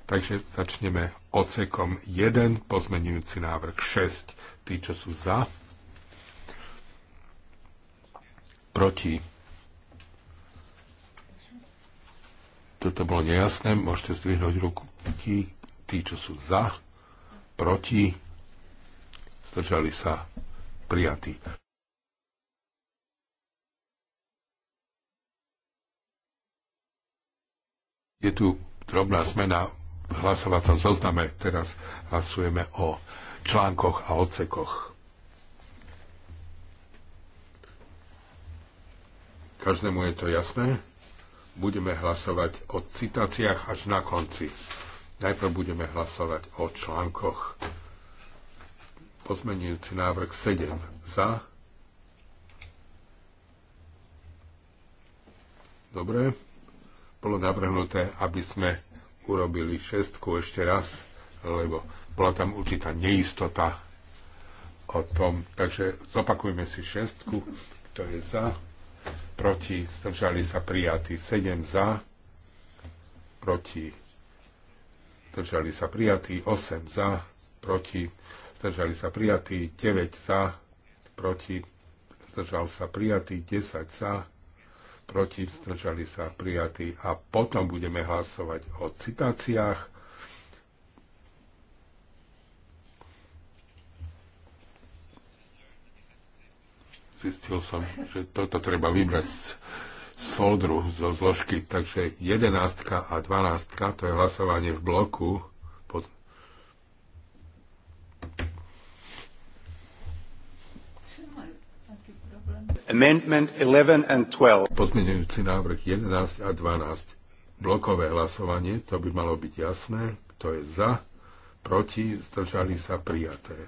Takže začneme ocekom 1, pozmenujúci návrh 6. Tí, čo sú za, proti. Toto bolo nejasné, môžete zdvihnúť ruku. Tí, tí čo sú za, proti, zdržali sa prijatí. Je tu drobná zmena v hlasovacom zozname. Teraz hlasujeme o článkoch a odsekoch. Každému je to jasné. Budeme hlasovať o citáciách až na konci. Najprv budeme hlasovať o článkoch. Pozmenujúci návrh 7 za. Dobre bolo navrhnuté, aby sme urobili šestku ešte raz, lebo bola tam určitá neistota o tom. Takže zopakujme si šestku, kto je za, proti, zdržali sa prijatí 7 za, proti, zdržali sa prijatí 8 za, proti, zdržali sa prijatí 9 za, proti, zdržal sa prijatí 10 za, proti, zdržali sa prijatí a potom budeme hlasovať o citáciách. Zistil som, že toto treba vybrať z, z foldru, zo zložky, takže jedenástka a dvanástka, to je hlasovanie v bloku, Amendment 11 and 12. Pozmeňujúci návrh 11 a 12. Blokové hlasovanie, to by malo byť jasné. Kto je za, proti, zdržali sa prijaté.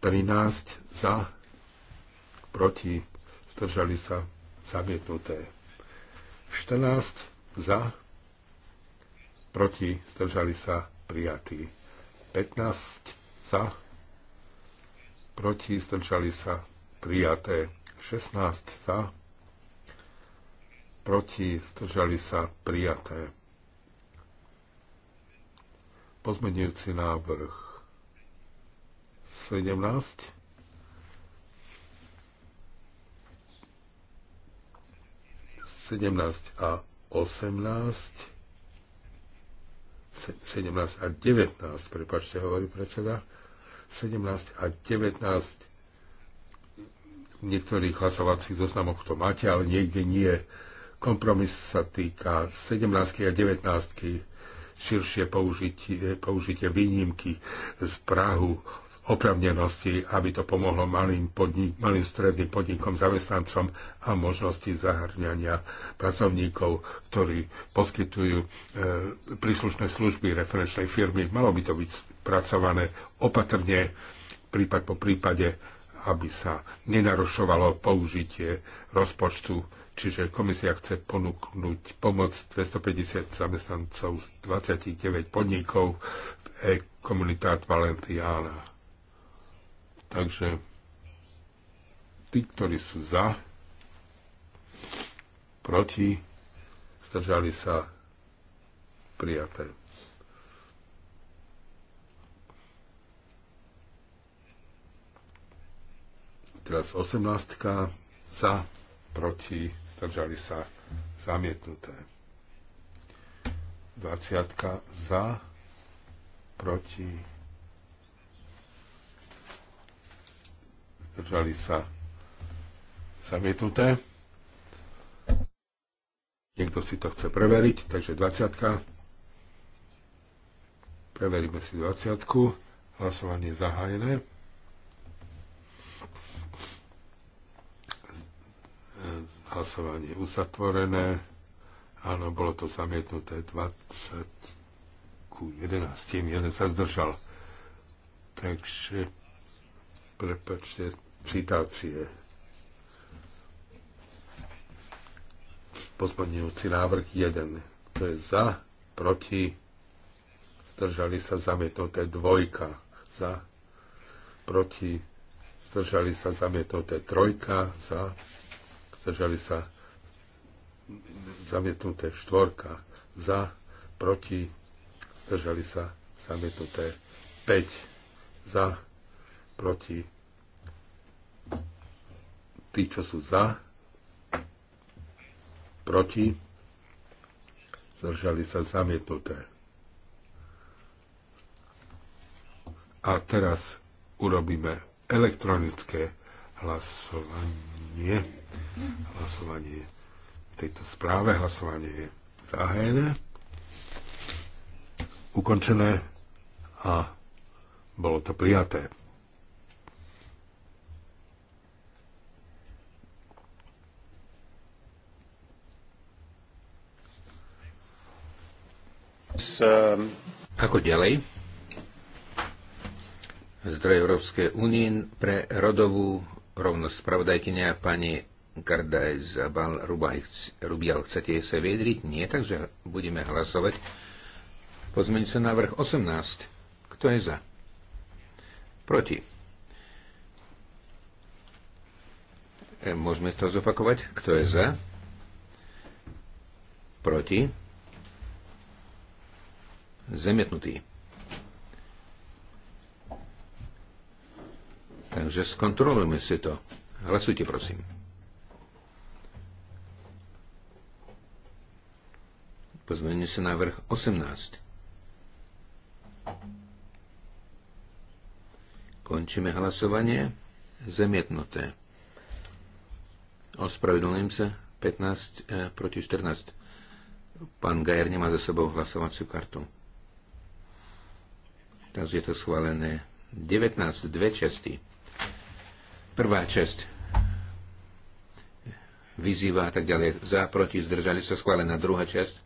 13 za, proti, zdržali sa zamietnuté. 14 za, proti, zdržali sa prijatí. 15 za, proti, zdržali sa prijaté. 16 za, proti, zdržali sa, prijaté. Pozmenujúci návrh 17. Sedemnáct a osemnáct, sedemnáct a devätnáct, prepačte, hovorí predseda, sedemnáct a devätnáct niektorých hlasovacích zoznamoch to máte, ale niekde nie. Kompromis sa týka 17 a 19 širšie použitie, použitie výnimky z Prahu opravnenosti, aby to pomohlo malým, podnik, malým stredným podnikom, zamestnancom a možnosti zahrňania pracovníkov, ktorí poskytujú e, príslušné služby referenčnej firmy. Malo by to byť pracované opatrne, prípad po prípade aby sa nenarušovalo použitie rozpočtu. Čiže komisia chce ponúknuť pomoc 250 zamestnancov z 29 podnikov v e-komunitát Valenciana. Takže tí, ktorí sú za, proti, zdržali sa prijaté. Teraz 18 za, proti, zdržali sa zamietnuté. 20 za, proti, zdržali sa zamietnuté. Niekto si to chce preveriť, takže 20. Preveríme si 20. -ku. Hlasovanie je zahájené. hlasovanie uzatvorené. Áno, bolo to zamietnuté 20 ku 11. Jeden sa zdržal. Takže prepačte citácie. Pozmenujúci návrh 1. To je za, proti, zdržali sa zamietnuté dvojka. Za, proti, zdržali sa zamietnuté trojka, za, zdržali sa zamietnuté štvorka za, proti, zdržali sa zamietnuté 5 za, proti, tí, čo sú za, proti, zdržali sa zamietnuté. A teraz urobíme elektronické hlasovanie. Hlasovanie v tejto správe, hlasovanie je zahájené, ukončené a bolo to prijaté. S, um... Ako ďalej? Zdroj Európskej únie pre rodovú rovnosť spravodajkynia pani Gardaj, Zabal, Rubial, chcete sa vyjadriť? Nie, takže budeme hlasovať. Pozmeň sa návrh 18. Kto je za? Proti. E, môžeme to zopakovať? Kto je za? Proti. Zamietnutý. Takže skontrolujme si to. Hlasujte, prosím. Pozmeňujem sa vrch 18. Končíme hlasovanie. Zemietnuté. Ospravedlňujem sa. 15 e, proti 14. Pán Gajer nemá za sebou hlasovaciu kartu. Takže je to schválené. 19, dve časti. Prvá časť vyzýva a tak ďalej. Za, proti, zdržali sa schválená. Druhá časť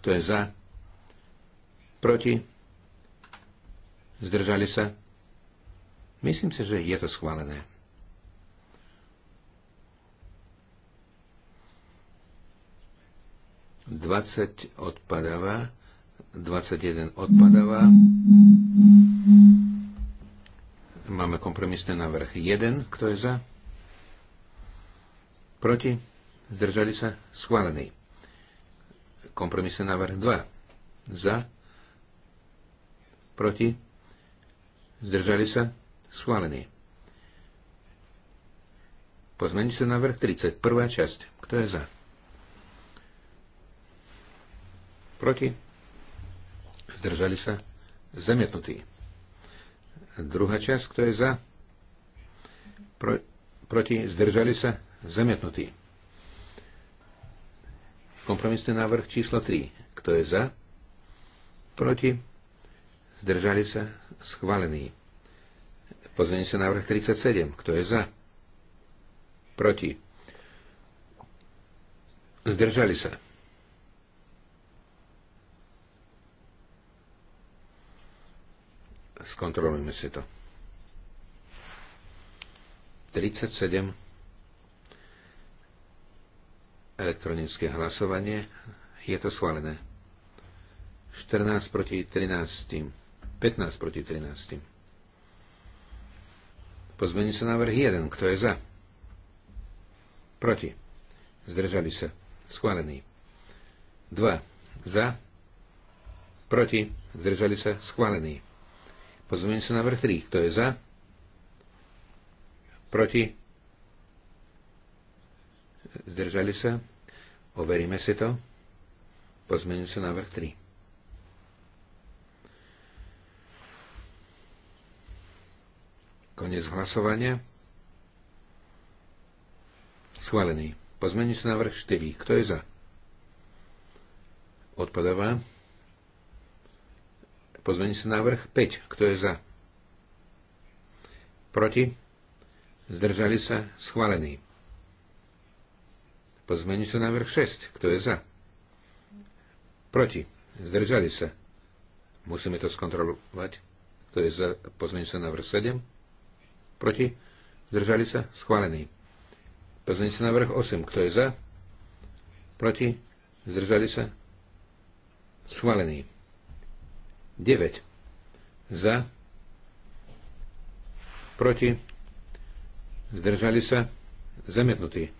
kto je za? Proti? Zdržali sa? Myslím si, že je to schválené. Dvadsať odpadáva, dvadsať jeden odpadáva. Máme kompromisný návrh jeden. Kto je za? Proti? Zdržali sa? Schválený. Kompromisný návrh 2. Za. Proti. Zdržali sa. Schválený. Pozmeniť sa návrh 30. Prvá časť. Kto je za? Proti. Zdržali sa. Zamietnutý. Druhá časť. Kto je za? Pro, proti. Zdržali sa. Zamietnutý. Kompromisný návrh číslo 3. Kto je za? Proti? Zdržali sa? Schválený. Pozvanie sa návrh 37. Kto je za? Proti? Zdržali sa. Skontrolujme si to. 37. Elektronické hlasovanie. Je to schválené. 14 proti 13. 15 proti 13. Pozmení sa návrh 1. Kto je za? Proti. Zdržali sa. Schválený. 2. Za. Proti. Zdržali sa. Schválený. Pozmení sa návrh 3. Kto je za? Proti zdržali sa, overíme si to, pozmením sa vrch 3. Konec hlasovania. Schválený. Pozmením sa vrch 4. Kto je za? Odpadáva. Pozmením sa vrch 5. Kto je za? Proti? Zdržali sa? Schválený. Pozmeni sa návrh 6. Kto je za? Proti. Zdržali sa. Musíme to skontrolovať. Kto je za Pozmeni sa návrh 7? Proti. Zdržali sa. Schválený. Pozmeni sa návrh 8. Kto je za? Proti. Zdržali sa. Schválený. 9. Za. Proti. Zdržali sa. Zamietnutý.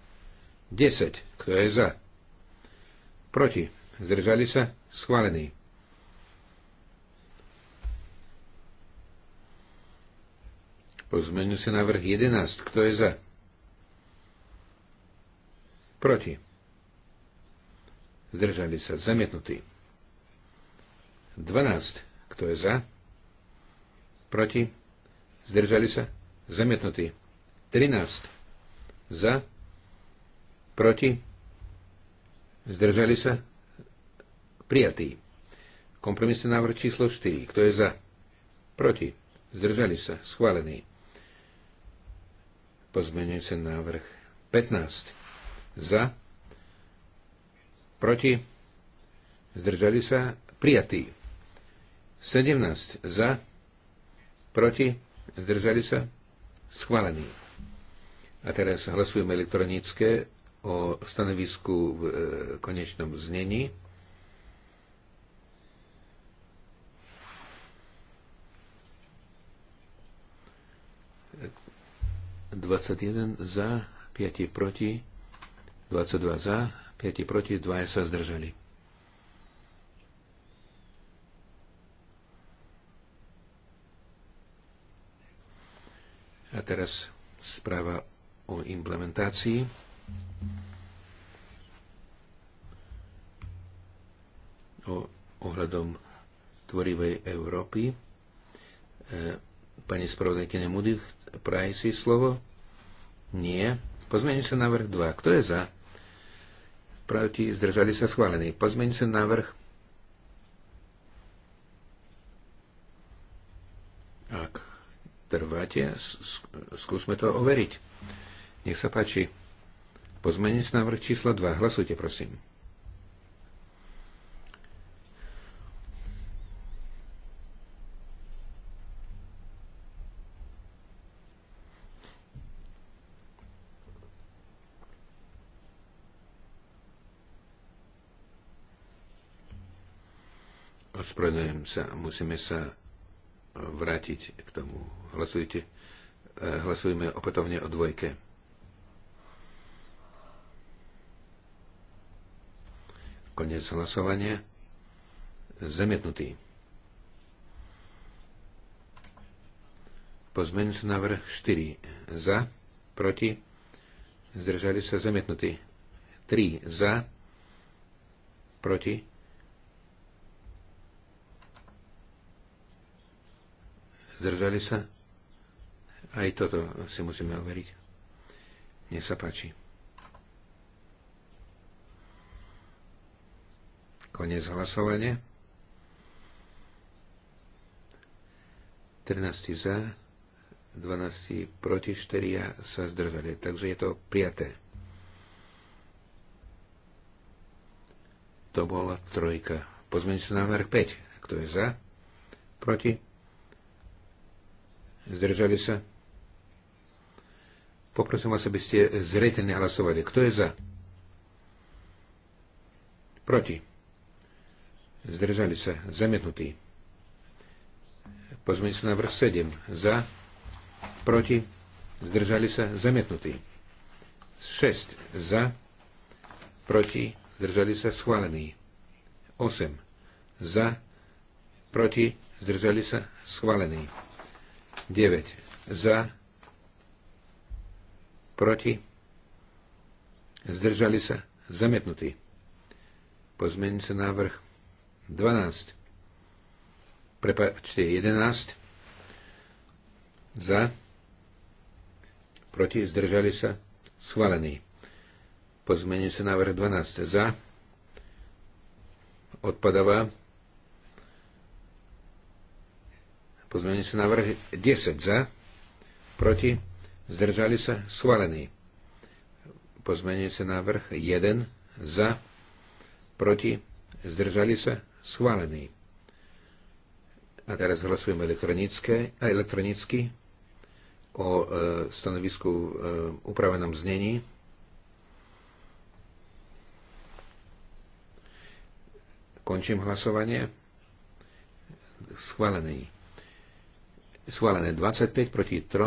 10. Kto je za? Proti. Zdržali sa? Schválený. Pozmeňu sa návrh 11. Kto je za? Proti. Zdržali sa. Zamietnutý. 12. Kto je za? Proti. Zdržali sa. Zamietnutý. 13. Za. Proti? Zdržali sa? Prijatý. Kompromisný návrh číslo 4. Kto je za? Proti? Zdržali sa? Schválený. sa návrh 15. Za? Proti? Zdržali sa? Prijatý. 17. Za? Proti? Zdržali sa? Schválený. A teraz hlasujeme elektronické o stanovisku v e, konečnom znení. jeden za, piati proti, dva za, 5 proti, 2 sa zdržali. A teraz správa o implementácii. ohľadom tvorivej Európy. E, pani spravodajky, Moody, praje si slovo? Nie. Pozmení sa návrh 2. Kto je za? Proti zdržali sa schválený. Pozmení sa návrh Ak trváte, skúsme to overiť. Nech sa páči. Pozmeniť návrh číslo 2. Hlasujte, prosím. Ospravedlňujem sa, musíme sa e, vrátiť k tomu. Hlasujte. E, hlasujeme opätovne o dvojke. Konec hlasovania. Zamietnutý. Pozmeňujúci návrh 4. Za, proti, zdržali sa zamietnutí. 3. Za, proti, Zdržali sa? Aj toto si musíme overiť. Nech sa páči. Konec hlasovania. 13 za, 12 proti, 4 sa zdržali. Takže je to prijaté. To bola trojka. Pozmeňte sa na 5. Kto je za? Proti? Zdržali sa? Poprosím vás, aby ste zretelne hlasovali. Kto je za? Proti. Zdržali sa. Zamietnutý. na vrch 7. Za. Proti. Zdržali sa. Zamietnutý. 6. Za. Proti. Zdržali sa. Schválený. 8. Za. Proti. Zdržali sa. Schválený. 9 za, proti, zdržali sa, Pozmeniť sa návrh 12. Prepačte, 11. Za, proti, zdržali sa, schválený. Pozmeniť sa návrh 12. Za, odpadáva Pozmeňujúci návrh 10 za, proti, zdržali sa, schválený. Pozmeňujúci návrh 1 za, proti, zdržali sa, schválený. A teraz hlasujeme elektronické, elektronicky o e, stanovisku v e, upravenom znení. Končím hlasovanie. Schválený. Schválené 25 proti 3. E,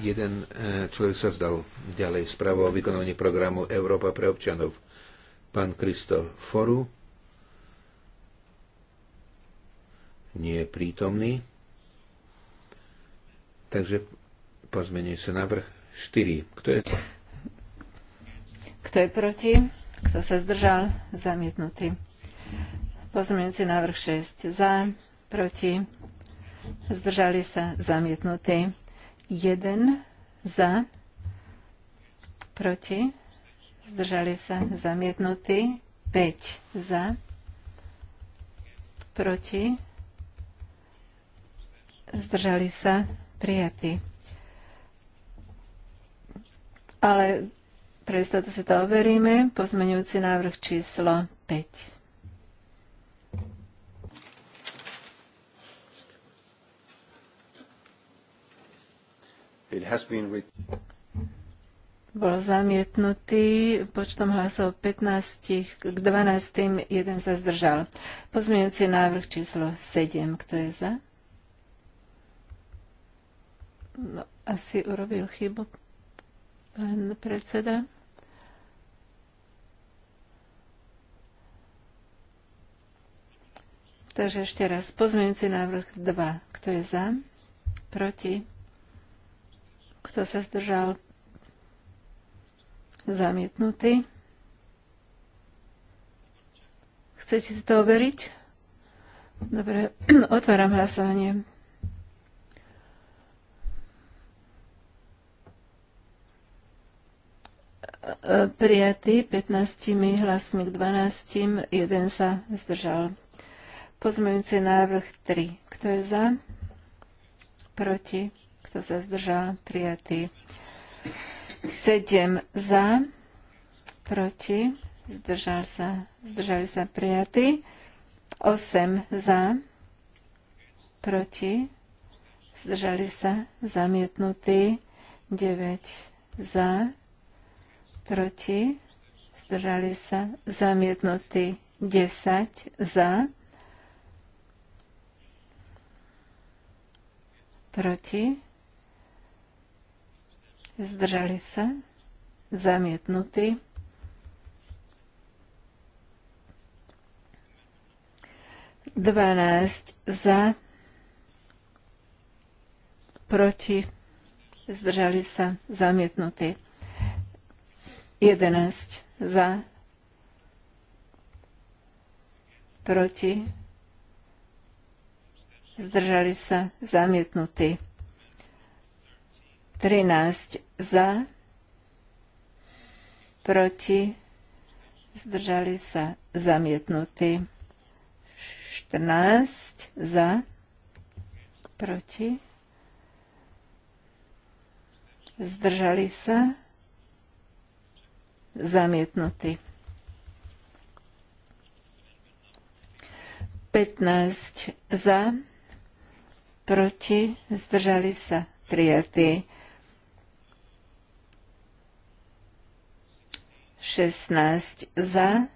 jeden e, človek sa vzdal ďalej správu o vykonaní programu Európa pre občanov. Pán Kristo Foru nie je prítomný. Takže pozmení sa navrh 4. Kto je Kto je proti? Kto sa zdržal? Zamietnutý. Pozmeňujúci návrh 6. Za, proti, zdržali sa zamietnutí. 1 za, proti, zdržali sa zamietnutí. 5 za, proti, zdržali sa prijatí. Ale pre istotu si to overíme. Pozmeňujúci návrh číslo 5. bol zamietnutý počtom hlasov 15 k 12, jeden sa zdržal. Pozmeňujúci návrh číslo 7, kto je za? No, asi urobil chybu pán predseda. Takže ešte raz, pozmeňujúci návrh 2, kto je za? Proti? Kto sa zdržal? Zamietnutý. Chcete si to overiť? Dobre, otváram hlasovanie. Prijatý 15 hlasmi k 12, jeden sa zdržal. Pozmeňujúci návrh 3. Kto je za? Proti? Kto sa zdržal? Prijatý. 7 za, proti, zdržal sa, zdržali sa prijatí. 8 za, proti, zdržali sa, zamietnutí. 9 za, proti, zdržali sa, zamietnutí. 10 za, proti, zdržali sa, zamietnutí. Dvanáct za, proti, zdržali sa, zamietnutí. Jedenáct za, proti, zdržali sa, zamietnutí. 13 za, proti, zdržali sa zamietnutí. 14 za, proti, zdržali sa zamietnutí. 15 za, proti, zdržali sa prijatí. 16 za,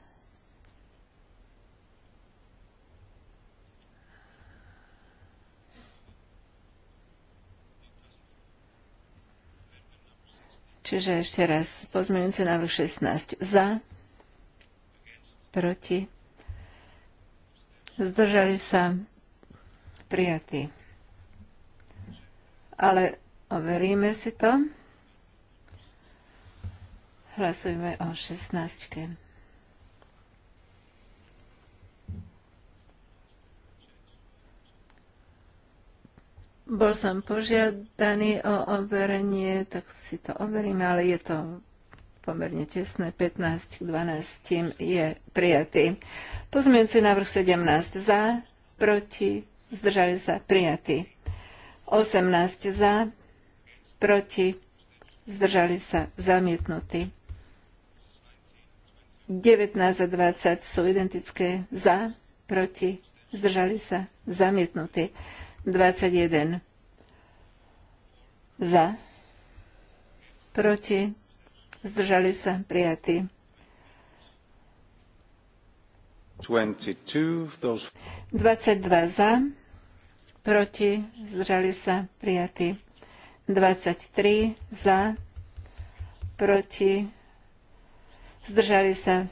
Čiže ešte raz, pozmeňujúce návrh 16 za, proti, zdržali sa, prijatí. Ale overíme si to. Hlasujeme o 16. Bol som požiadaný o overenie, tak si to overím, ale je to pomerne tesné. 15 k 12 je prijatý. Pozmeňujúci návrh 17 za, proti, zdržali sa, prijatý. 18 za, proti, zdržali sa, zamietnutý. 19 a 20 sú identické za, proti, zdržali sa, zamietnutí. 21 za, proti, zdržali sa, prijatí. 22, 22 za, proti, zdržali sa, prijatí. 23 za, proti, zdržali sa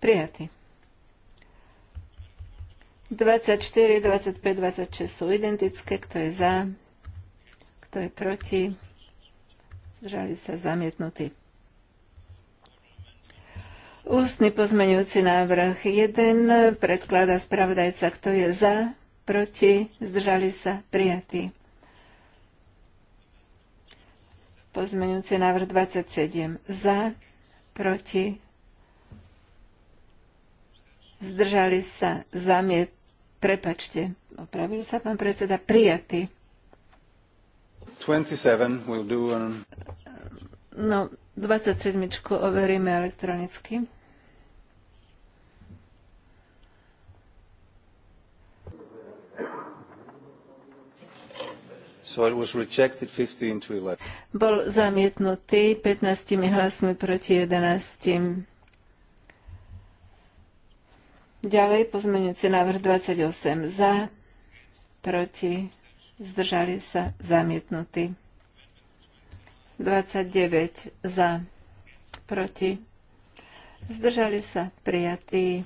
prijatí. 24, 25, 26 sú identické. Kto je za? Kto je proti? Zdržali sa zamietnutí. Ústny pozmeňujúci návrh 1 predkladá spravodajca, kto je za, proti, zdržali sa, prijatí. Pozmeňujúci návrh 27. Za, proti, zdržali sa, zamiet, prepačte, opravil sa pán predseda, prijatý. 27 do an... No, 27 overíme elektronicky. Bol zamietnutý 15 hlasmi proti 11. Ďalej pozmeňujúci návrh 28 za, proti, zdržali sa, zamietnutý. 29 za, proti, zdržali sa, prijatý.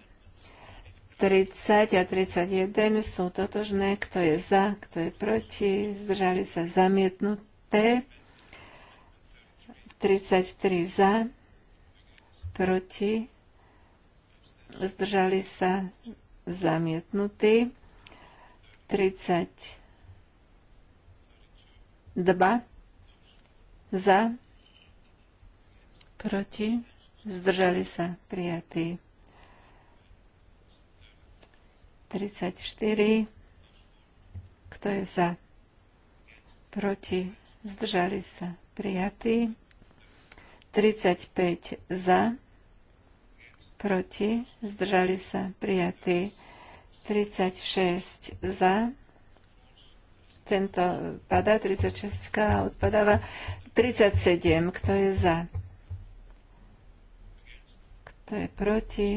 30 a 31 sú totožné, kto je za, kto je proti, zdržali sa zamietnuté, 33 za, proti, zdržali sa zamietnutí, 32 za, proti, zdržali sa prijatí. 34. Kto je za? Proti? Zdržali sa? Prijatí. 35 za. Proti? Zdržali sa? Prijatí. 36 za. Tento padá, 36 odpadáva. 37, kto je za? Kto je proti?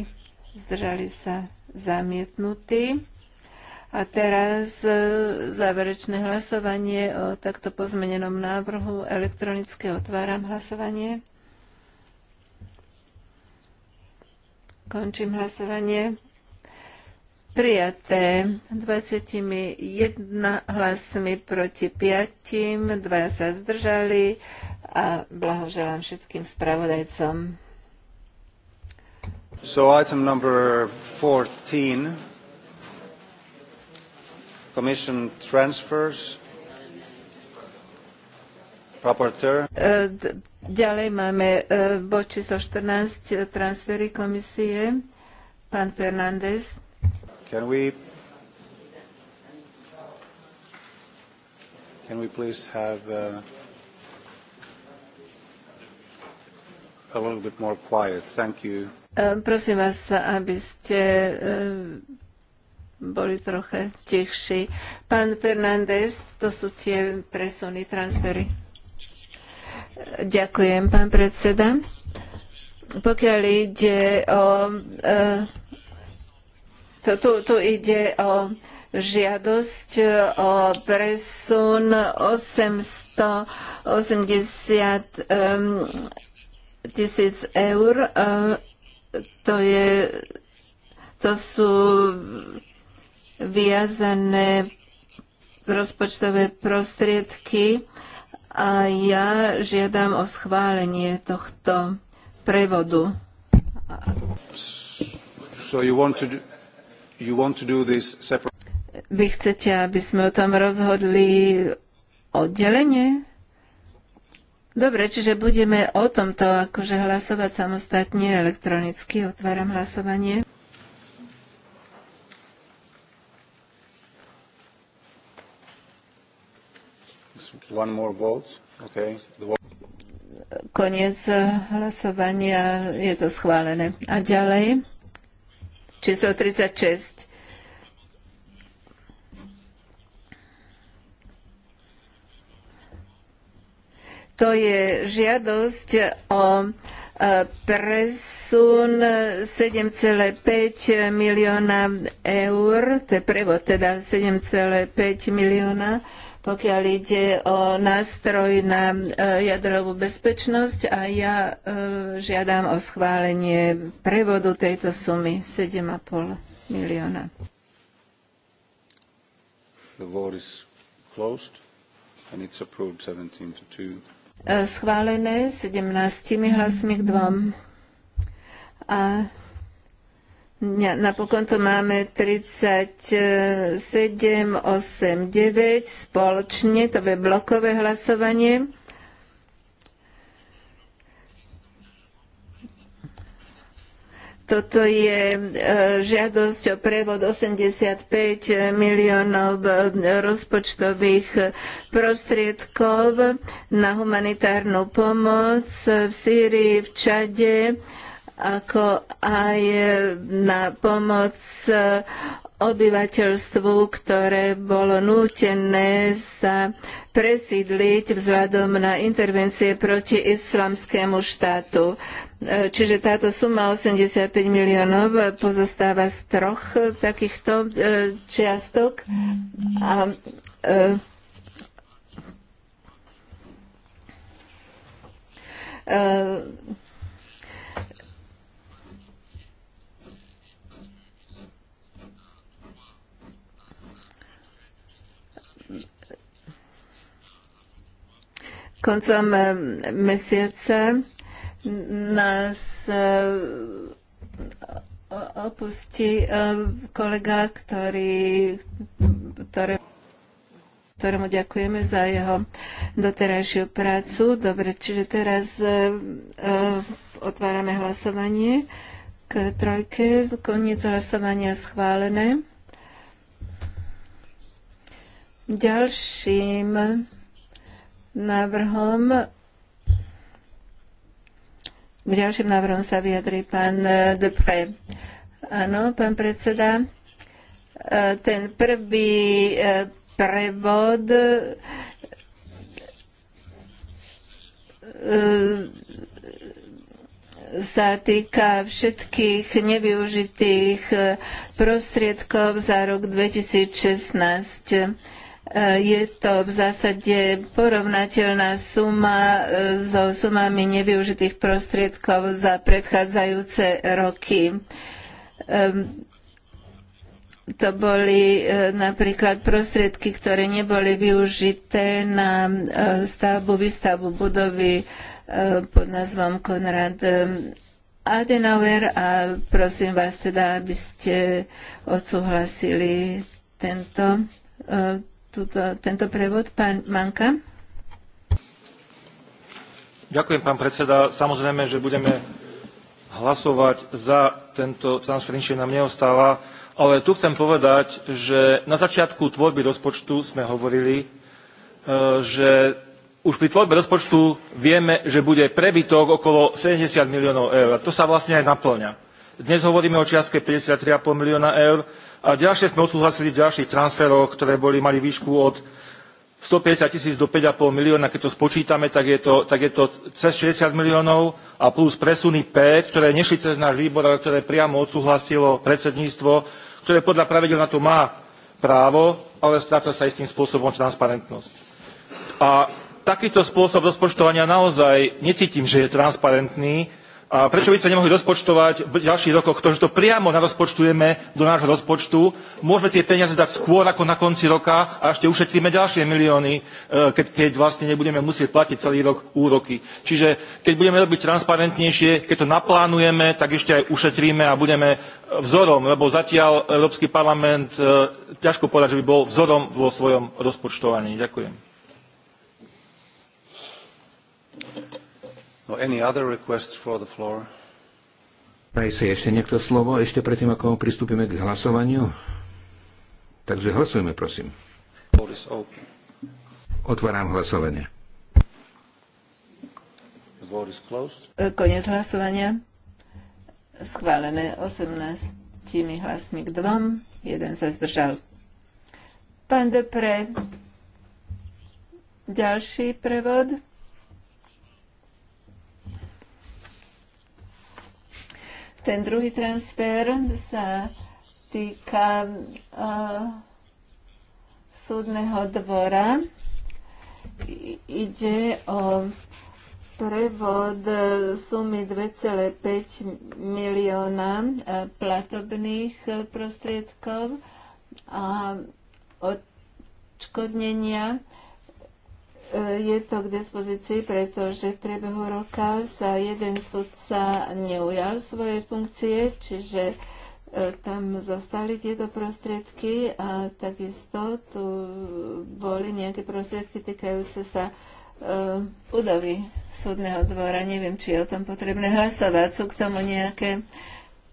Zdržali sa? zamietnutý. A teraz e, záverečné hlasovanie o takto pozmenenom návrhu elektronické otváram hlasovanie. Končím hlasovanie. Prijaté 21 hlasmi proti 5, dvaja sa zdržali a blahoželám všetkým spravodajcom. So item number 14, Commission transfers, rapporteur. Uh, ďalej máme uh, bod číslo 14, uh, transfery komisie. Pán Fernández. Can we, can we please have uh, a little bit more quiet? Thank you. Prosím vás, aby ste boli trochu tichší. Pán Fernández, to sú tie presuny, transfery. Ďakujem, pán predseda. Pokiaľ ide o... To, tu, tu ide o žiadosť e, o presun 880 tisíc eur to je to sú viazané rozpočtové prostriedky a ja žiadam o schválenie tohto prevodu. So you want to do, you want to do this separate... Vy chcete, aby sme o tom rozhodli oddelenie? Dobre, čiže budeme o tomto akože hlasovať samostatne elektronicky. Otváram hlasovanie. One more vote. Okay. The vote. Koniec eh, hlasovania, je to schválené. A ďalej, číslo 36. To je žiadosť o e, presun 7,5 milióna eur, to je prevod teda 7,5 milióna, pokiaľ ide o nástroj na e, jadrovú bezpečnosť a ja e, žiadam o schválenie prevodu tejto sumy 7,5 milióna. The vote is closed and it's approved 17 to 2. E, schválené 17 hlasmi k dvom. A napokon to máme 37, 8, 9 spoločne, to je blokové hlasovanie. Toto je e, žiadosť o prevod 85 miliónov e, rozpočtových prostriedkov na humanitárnu pomoc v Sýrii, v Čade ako aj na pomoc obyvateľstvu, ktoré bolo nútené sa presídliť vzhľadom na intervencie proti islamskému štátu. Čiže táto suma 85 miliónov pozostáva z troch takýchto e, čiastok. A, a, e, e, koncom eh, mesiaca nás eh, opustí eh, kolega, ktorý, ktoré, ktorému ďakujeme za jeho doterajšiu prácu. Dobre, čiže teraz otvárame hlasovanie k trojke. Koniec hlasovania schválené. Ďalším návrhom. K ďalším návrhom sa vyjadrí pán Depre. Áno, pán predseda. E, ten prvý e, prevod e, sa týka všetkých nevyužitých prostriedkov za rok 2016 je to v zásade porovnateľná suma e, so sumami nevyužitých prostriedkov za predchádzajúce roky. To boli e, napríklad prostriedky, ktoré neboli využité na e, stavbu, výstavbu budovy pod názvom Konrad Adenauer a prosím vás teda, aby ste odsúhlasili tento tento prevod. Pán Manka. Ďakujem, pán predseda. Samozrejme, že budeme hlasovať za tento inšie nám neostáva, ale tu chcem povedať, že na začiatku tvorby rozpočtu sme hovorili, e, že už pri tvorbe rozpočtu vieme, že bude prebytok okolo 70 miliónov eur. A to sa vlastne aj naplňa. Dnes hovoríme o čiastke 53,5 milióna eur, a ďalšie sme odsúhlasili v ďalších transferoch, ktoré boli, mali výšku od 150 tisíc do 5,5 milióna. Keď to spočítame, tak je to, tak je to cez 60 miliónov a plus presuny P, ktoré nešli cez náš výbor, ale ktoré priamo odsúhlasilo predsedníctvo, ktoré podľa pravidel na to má právo, ale stráca sa istým spôsobom transparentnosť. A takýto spôsob rozpočtovania naozaj necítim, že je transparentný a prečo by sme nemohli rozpočtovať v ďalších rokoch to, že to priamo narozpočtujeme do nášho rozpočtu? Môžeme tie peniaze dať skôr ako na konci roka a ešte ušetríme ďalšie milióny, e, keď, keď vlastne nebudeme musieť platiť celý rok úroky. Čiže keď budeme robiť transparentnejšie, keď to naplánujeme, tak ešte aj ušetríme a budeme vzorom, lebo zatiaľ Európsky parlament, e, ťažko povedať, že by bol vzorom vo svojom rozpočtovaní. Ďakujem. No, any other requests for the floor? Praje si ešte niekto slovo, ešte predtým, ako pristúpime k hlasovaniu? Takže hlasujme, prosím. Otváram hlasovanie. E, Konec hlasovania. Schválené 18 hlasmi k dvom, jeden sa zdržal. Pán Depre, ďalší prevod. Ten druhý transfer sa týka uh, súdneho dvora. I, ide o prevod sumy 2,5 milióna e, platobných prostriedkov a odškodnenia je to k dispozícii, pretože v priebehu roka sa jeden sudca neujal svoje funkcie, čiže e, tam zostali tieto prostriedky a takisto tu boli nejaké prostriedky týkajúce sa e, budovy súdneho dvora. Neviem, či je o tom potrebné hlasovať. Sú k tomu nejaké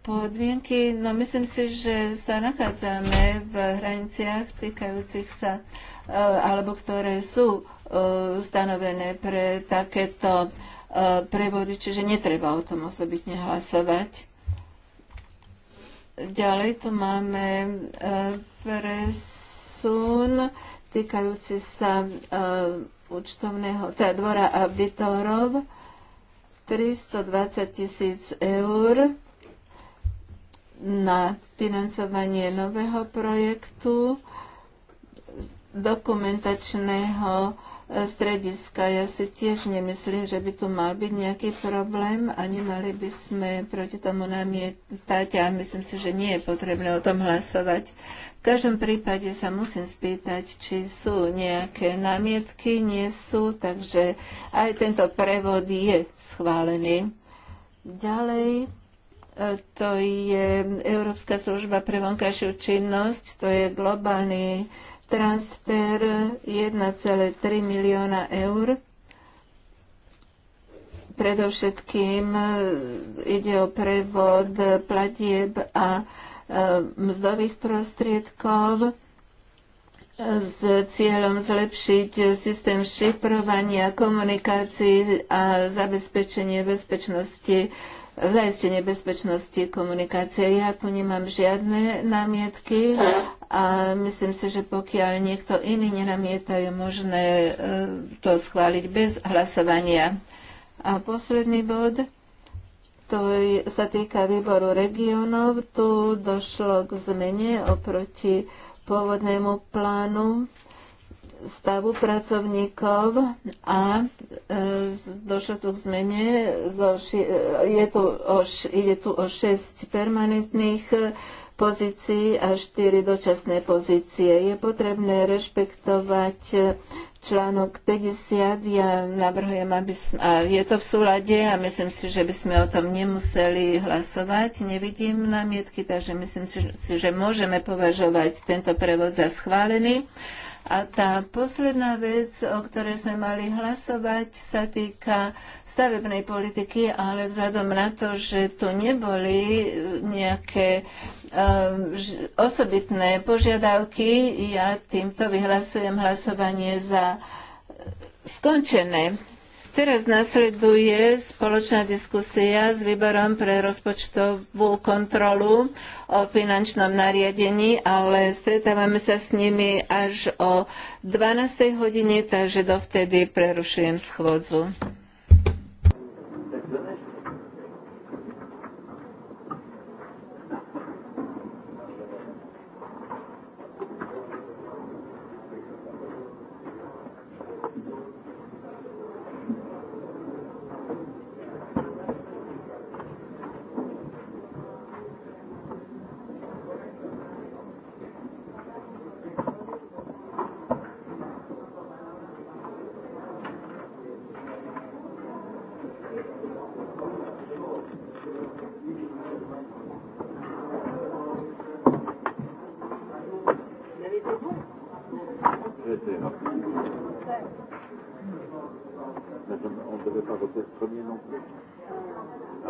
podmienky? No myslím si, že sa nachádzame v hraniciach týkajúcich sa e, alebo ktoré sú E, stanovené pre takéto e, prevody, čiže netreba o tom osobitne hlasovať. Ďalej tu máme e, presun týkajúci sa účtovného, teda dvora auditorov, 320 tisíc eur na financovanie nového projektu, dokumentačného E, strediska. Ja si tiež nemyslím, že by tu mal byť nejaký problém a nemali by sme proti tomu namietať a myslím si, že nie je potrebné o tom hlasovať. V každom prípade sa musím spýtať, či sú nejaké námietky, nie sú, takže aj tento prevod je schválený. Ďalej e, to je Európska služba pre vonkajšiu činnosť, to je globálny transfer 1,3 milióna eur. Predovšetkým e, ide o prevod platieb a e, mzdových prostriedkov e, s cieľom zlepšiť systém šifrovania, komunikácií a zabezpečenie bezpečnosti v zaistenie bezpečnosti komunikácie. Ja tu nemám žiadne námietky a myslím si, že pokiaľ niekto iný nenamieta, je možné e, to schváliť bez hlasovania. A posledný bod, to sa týka výboru regionov. Tu došlo k zmene oproti pôvodnému plánu stavu pracovníkov a e, došlo tu k zmene. E, je tu o, ide tu o 6 permanentných e, pozícií a 4 dočasné pozície. Je potrebné rešpektovať článok 50. Ja navrhujem, aby sme, a je to v súlade a myslím si, že by sme o tom nemuseli hlasovať. Nevidím námietky, takže myslím si, že môžeme považovať tento prevod za schválený. A tá posledná vec, o ktorej sme mali hlasovať, sa týka stavebnej politiky, ale vzhľadom na to, že tu neboli eh, nejaké uh, osobitné požiadavky, ja týmto vyhlasujem hlasovanie za skončené. Teraz nasleduje spoločná diskusia s výborom pre rozpočtovú kontrolu o finančnom nariadení, ale stretávame sa s nimi až o 12. hodine, takže dovtedy prerušujem schôdzu.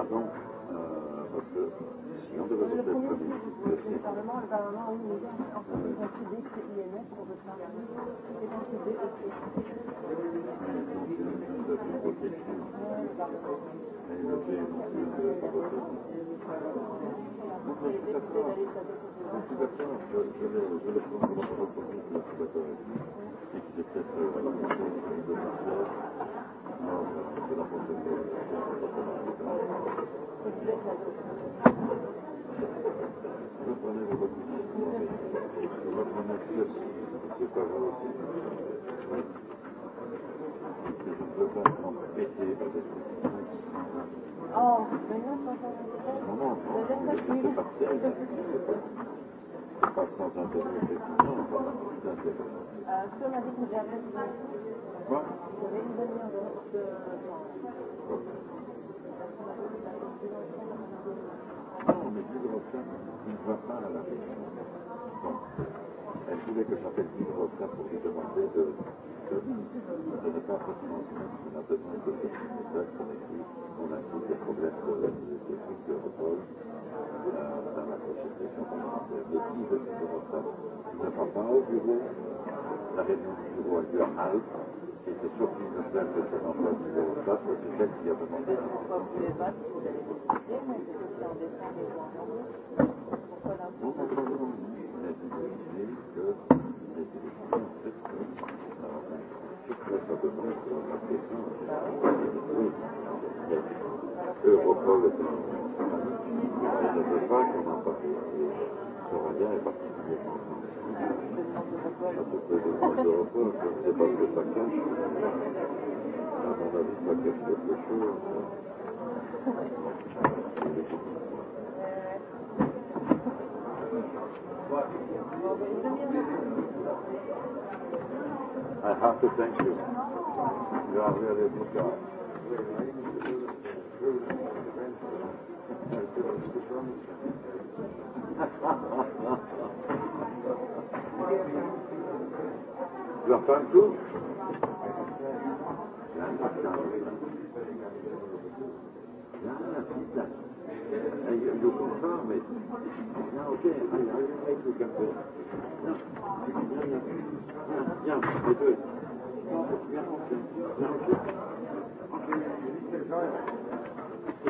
pardon, euh, parce que si on devait voter le premier Le Parlement, le Parlement, en fait, que l'IMF, C'est dans ce je vais le partiel. C'est pas sans intérêt, effectivement, on parle d'intérêt. Euh, si on avait une dernière Quoi Il y avait une dernière de... Non, mais Gilles il ne va pas à la réunion. Donc, elle voulait que j'appelle Gilles Rochat pour lui demander de, de, de ne pas continuer. On a besoin de faire qu'on écrit, qu'on inclut les problèmes de, de, de, de, de repose. Euh, de Notre-Dame. Nous n'avons pas au bureau. La réunion du bureau a lieu à Malte. Et c'est surtout une place de son emploi du bureau de Malte, c'est celle qui a demandé. Non, non, non, non. Il a été décidé que il a été décidé en fait que la suppression de la question. Il a été europol je ne veux pas qu'on en parle. Le est particulièrement sensible. À ce que les gens d'Europol, je ne sais pas ce que ça cache. À mon avis, ça cache quelque chose. I have to thank you. You are really a good guy. Zastancu? لا لا لا you confirm it. Now, okay, I, I will make you confirm. Yeah, yeah, yeah. Yeah, yeah, I do it. Yeah, okay. Yeah, okay. Okay.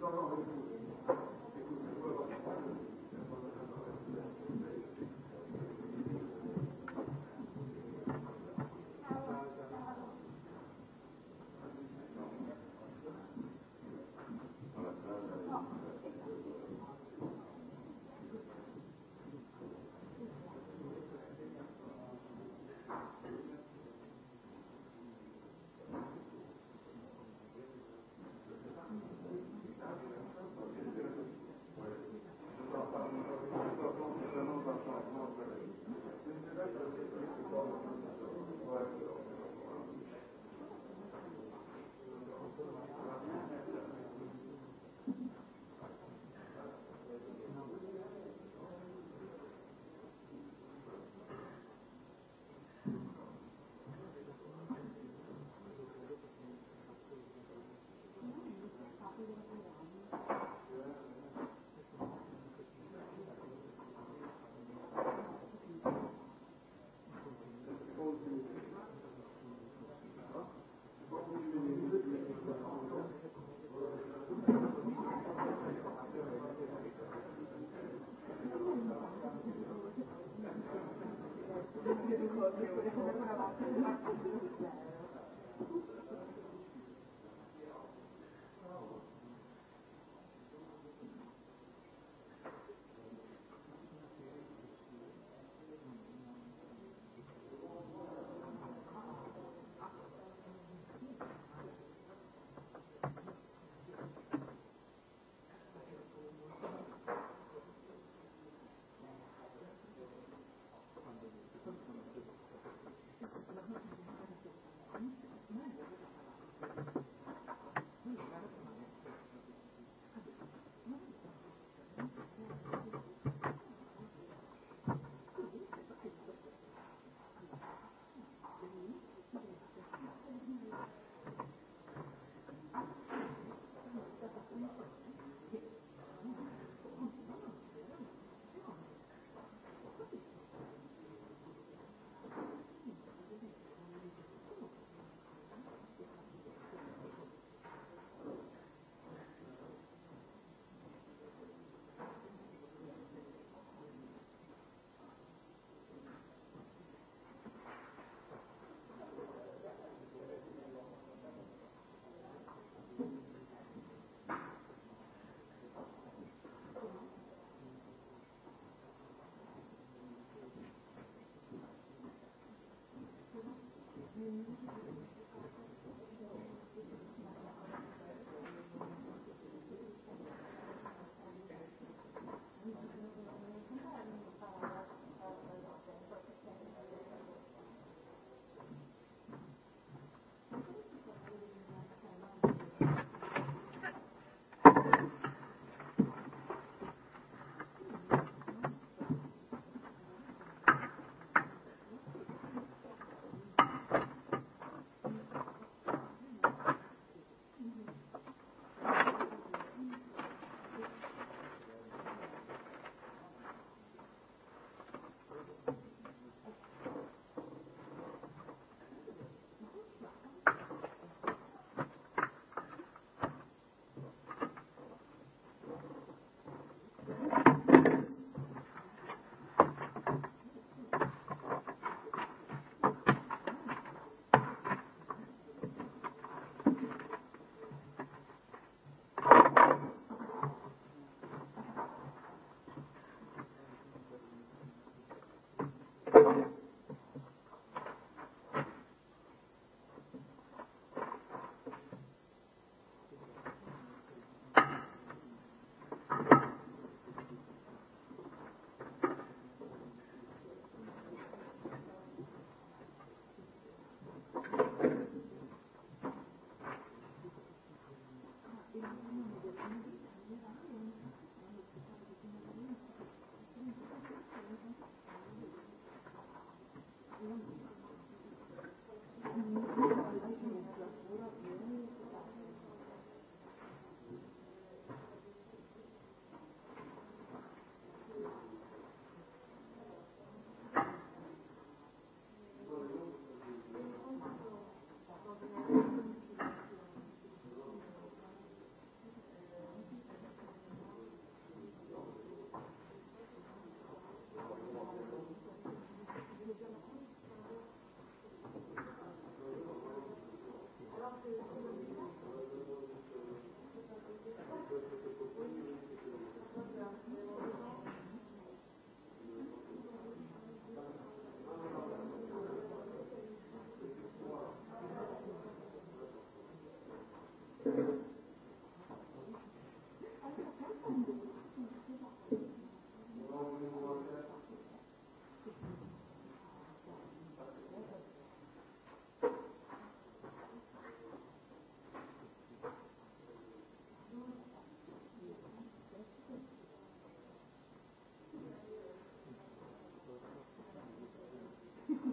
No, no, Thank you.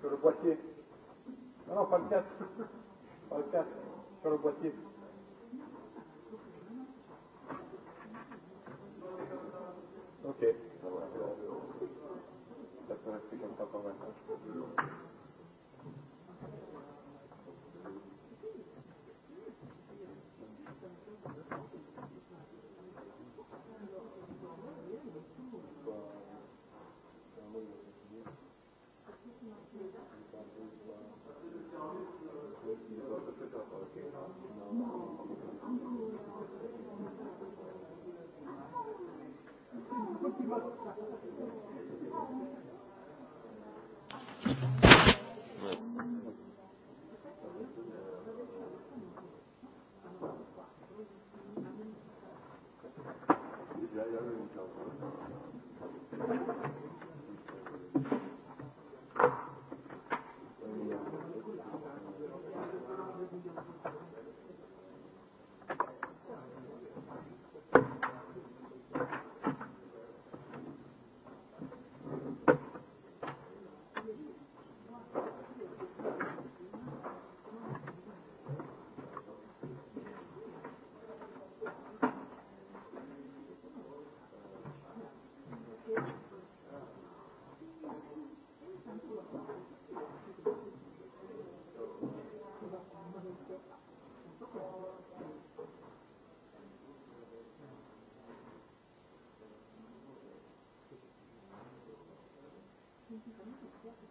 Sur le boîtier. Non, non, pas le casque. Pas le casque. Sur le boîtier. OK. Dobre. Tak to si tam Ja, ja, ja, ja. Thank you.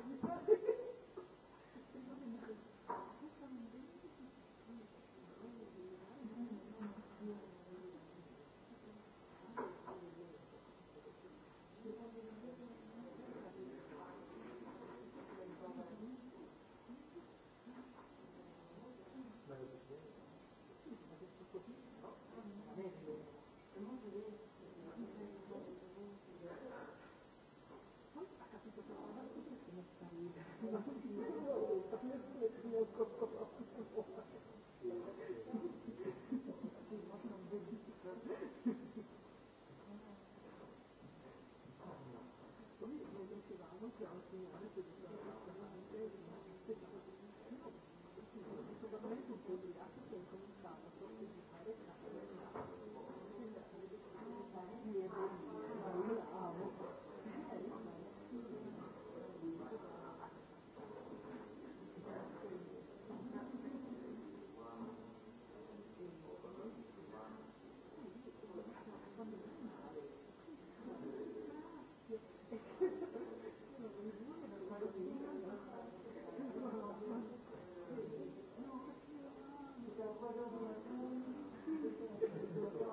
Thank you. Thank you.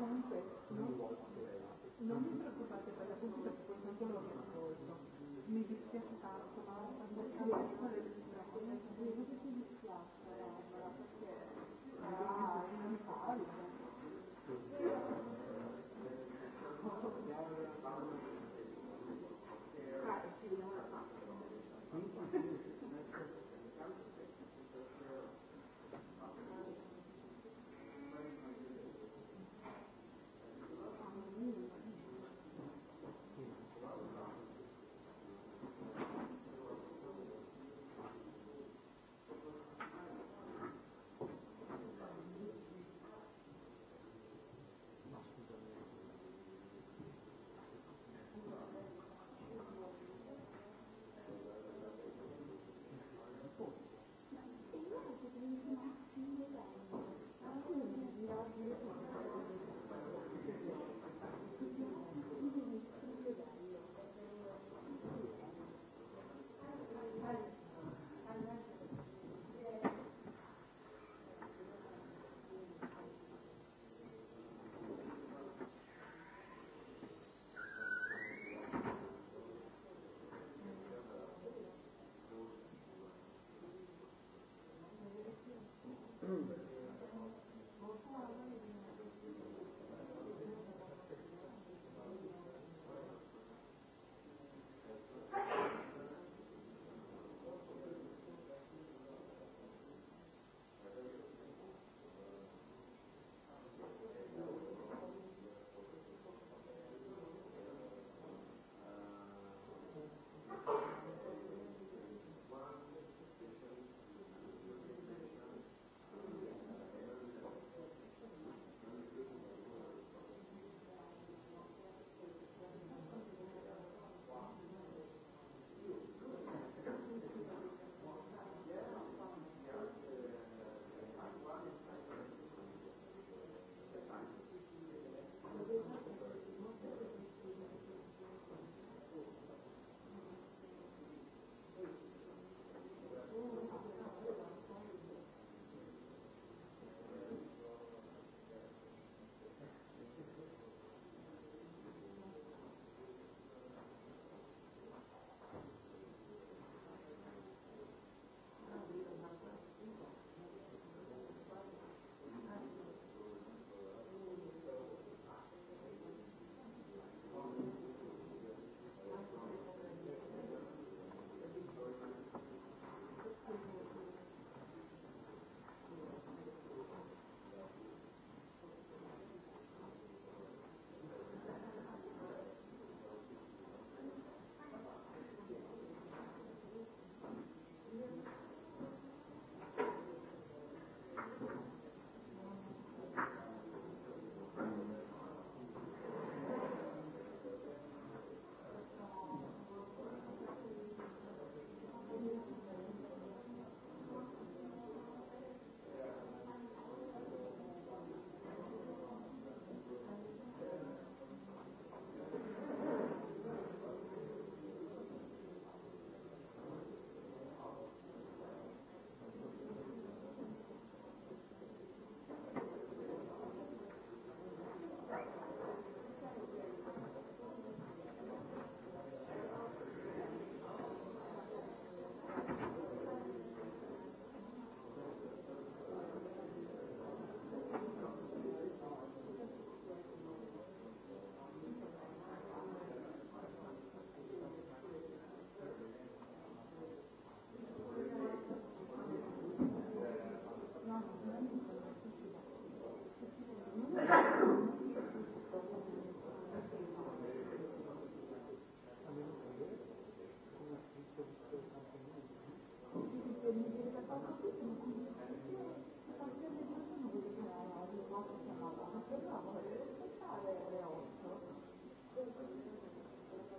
comunque non, non vi preoccupate per pubblica perché non sono. approve mm. it.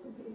Thank you.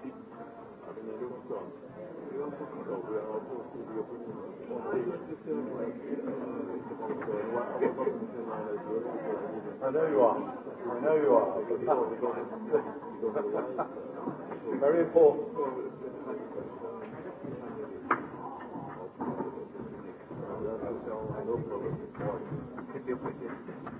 politik haberleri yoksa I know you are. I know you are. Very important.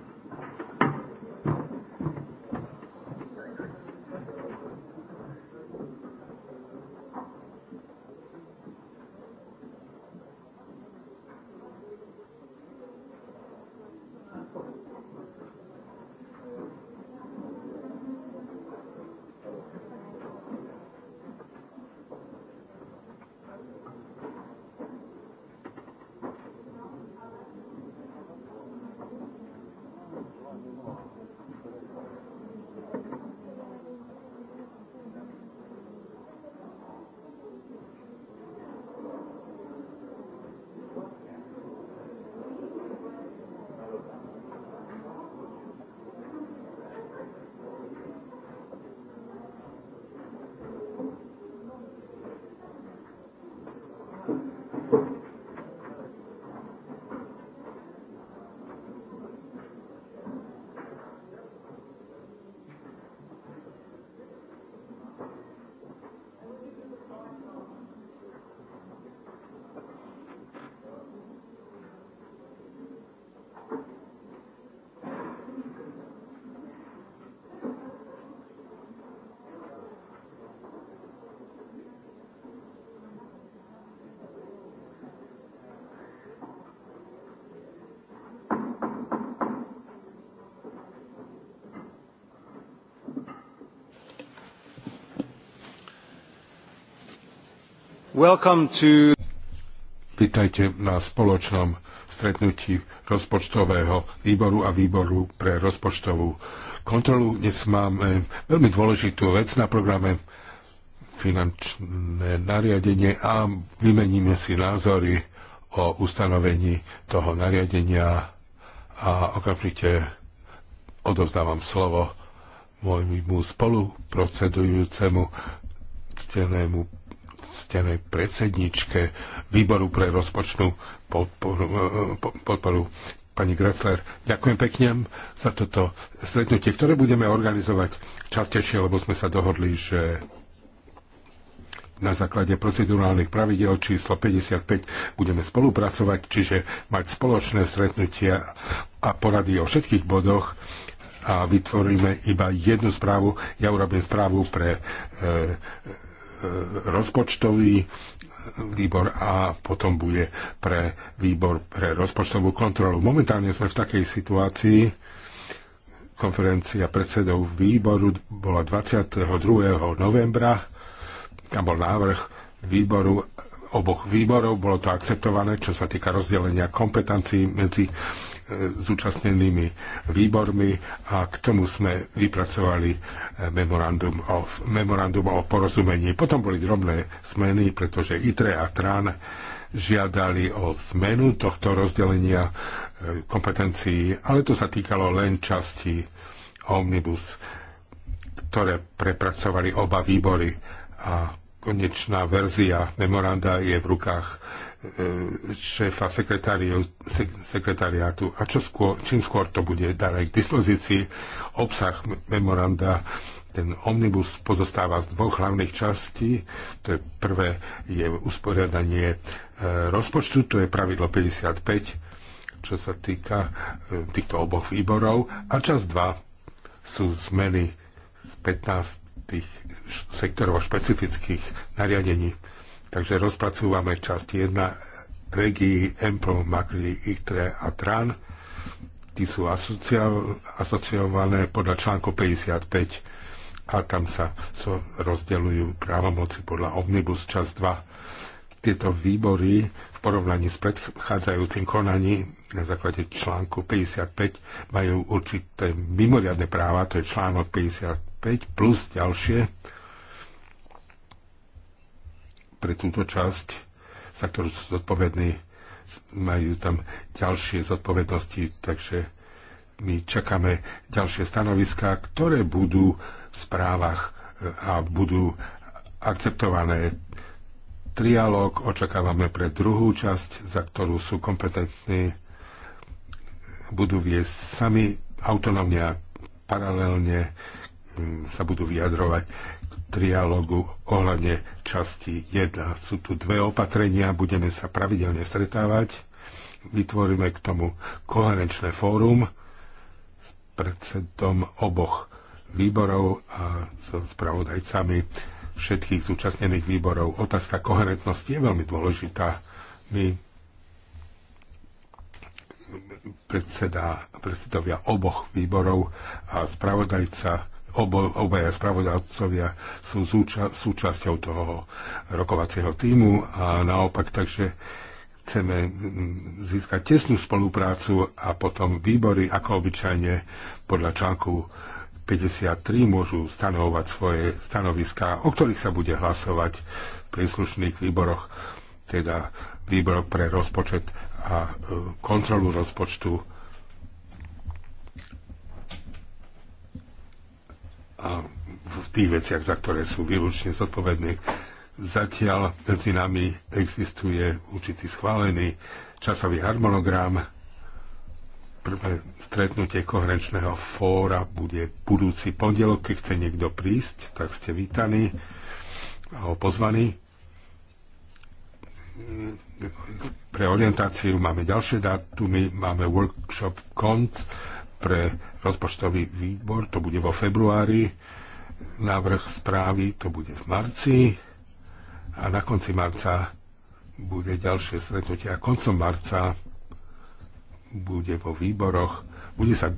Vítajte na spoločnom stretnutí rozpočtového výboru a výboru pre rozpočtovú kontrolu. Dnes máme veľmi dôležitú vec na programe finančné nariadenie a vymeníme si názory o ustanovení toho nariadenia a okamžite odovzdávam slovo môjmu spoluprocedujúcemu ctenému ctenej predsedničke výboru pre rozpočnú podporu, eh, podporu pani Gressler. Ďakujem pekne za toto stretnutie, ktoré budeme organizovať častejšie, lebo sme sa dohodli, že na základe procedurálnych pravidel číslo 55 budeme spolupracovať, čiže mať spoločné stretnutia a porady o všetkých bodoch a vytvoríme iba jednu správu. Ja urobím správu pre e, rozpočtový výbor a potom bude pre výbor pre rozpočtovú kontrolu. Momentálne sme v takej situácii, konferencia predsedov výboru bola 22. novembra a bol návrh výboru oboch výborov, bolo to akceptované, čo sa týka rozdelenia kompetencií medzi E, zúčastnenými výbormi a k tomu sme vypracovali e, memorandum o, memorandum o porozumení. Potom boli drobné zmeny, pretože ITRE a TRAN žiadali o zmenu tohto rozdelenia e, kompetencií, ale to sa týkalo len časti Omnibus, ktoré prepracovali oba výbory a konečná verzia memoranda je v rukách E, šéfa sekretariátu a čo skôr, čím skôr to bude dané k dispozícii. Obsah memoranda, ten omnibus pozostáva z dvoch hlavných častí. To je prvé je usporiadanie e, rozpočtu, to je pravidlo 55, čo sa týka e, týchto oboch výborov. A časť 2 sú zmeny z 15 sektorov špecifických nariadení Takže rozpracúvame časť 1 regii Empl, Magli, Iktre a Tran. Tí sú asociované podľa článku 55 a tam sa so rozdeľujú právomoci podľa Omnibus čas 2. Tieto výbory v porovnaní s predchádzajúcim konaním na základe článku 55 majú určité mimoriadne práva, to je článok 55 plus ďalšie pre túto časť, za ktorú sú zodpovední, majú tam ďalšie zodpovednosti, takže my čakáme ďalšie stanoviská, ktoré budú v správach e, a budú akceptované. Trialóg očakávame pre druhú časť, za ktorú sú kompetentní, budú viesť sami autonómne a paralelne mm, sa budú vyjadrovať trialógu ohľadne časti 1. Sú tu dve opatrenia, budeme sa pravidelne stretávať, vytvoríme k tomu koherenčné fórum s predsedom oboch výborov a so spravodajcami všetkých zúčastnených výborov. Otázka koherentnosti je veľmi dôležitá. My predseda, predsedovia oboch výborov a spravodajca obo, obaja spravodajcovia sú zúča, súčasťou toho rokovacieho týmu a naopak, takže chceme získať tesnú spoluprácu a potom výbory, ako obyčajne podľa článku 53 môžu stanovovať svoje stanoviská, o ktorých sa bude hlasovať v príslušných výboroch, teda výbor pre rozpočet a e, kontrolu rozpočtu a v tých veciach, za ktoré sú výlučne zodpovední. Zatiaľ medzi nami existuje určitý schválený časový harmonogram. Prvé stretnutie koherenčného fóra bude budúci pondelok. Keď chce niekto prísť, tak ste vítaní a pozvaní. Pre orientáciu máme ďalšie dátumy, máme workshop konc pre rozpočtový výbor, to bude vo februári, návrh správy, to bude v marci a na konci marca bude ďalšie stretnutie a koncom marca bude vo výboroch, bude sa e,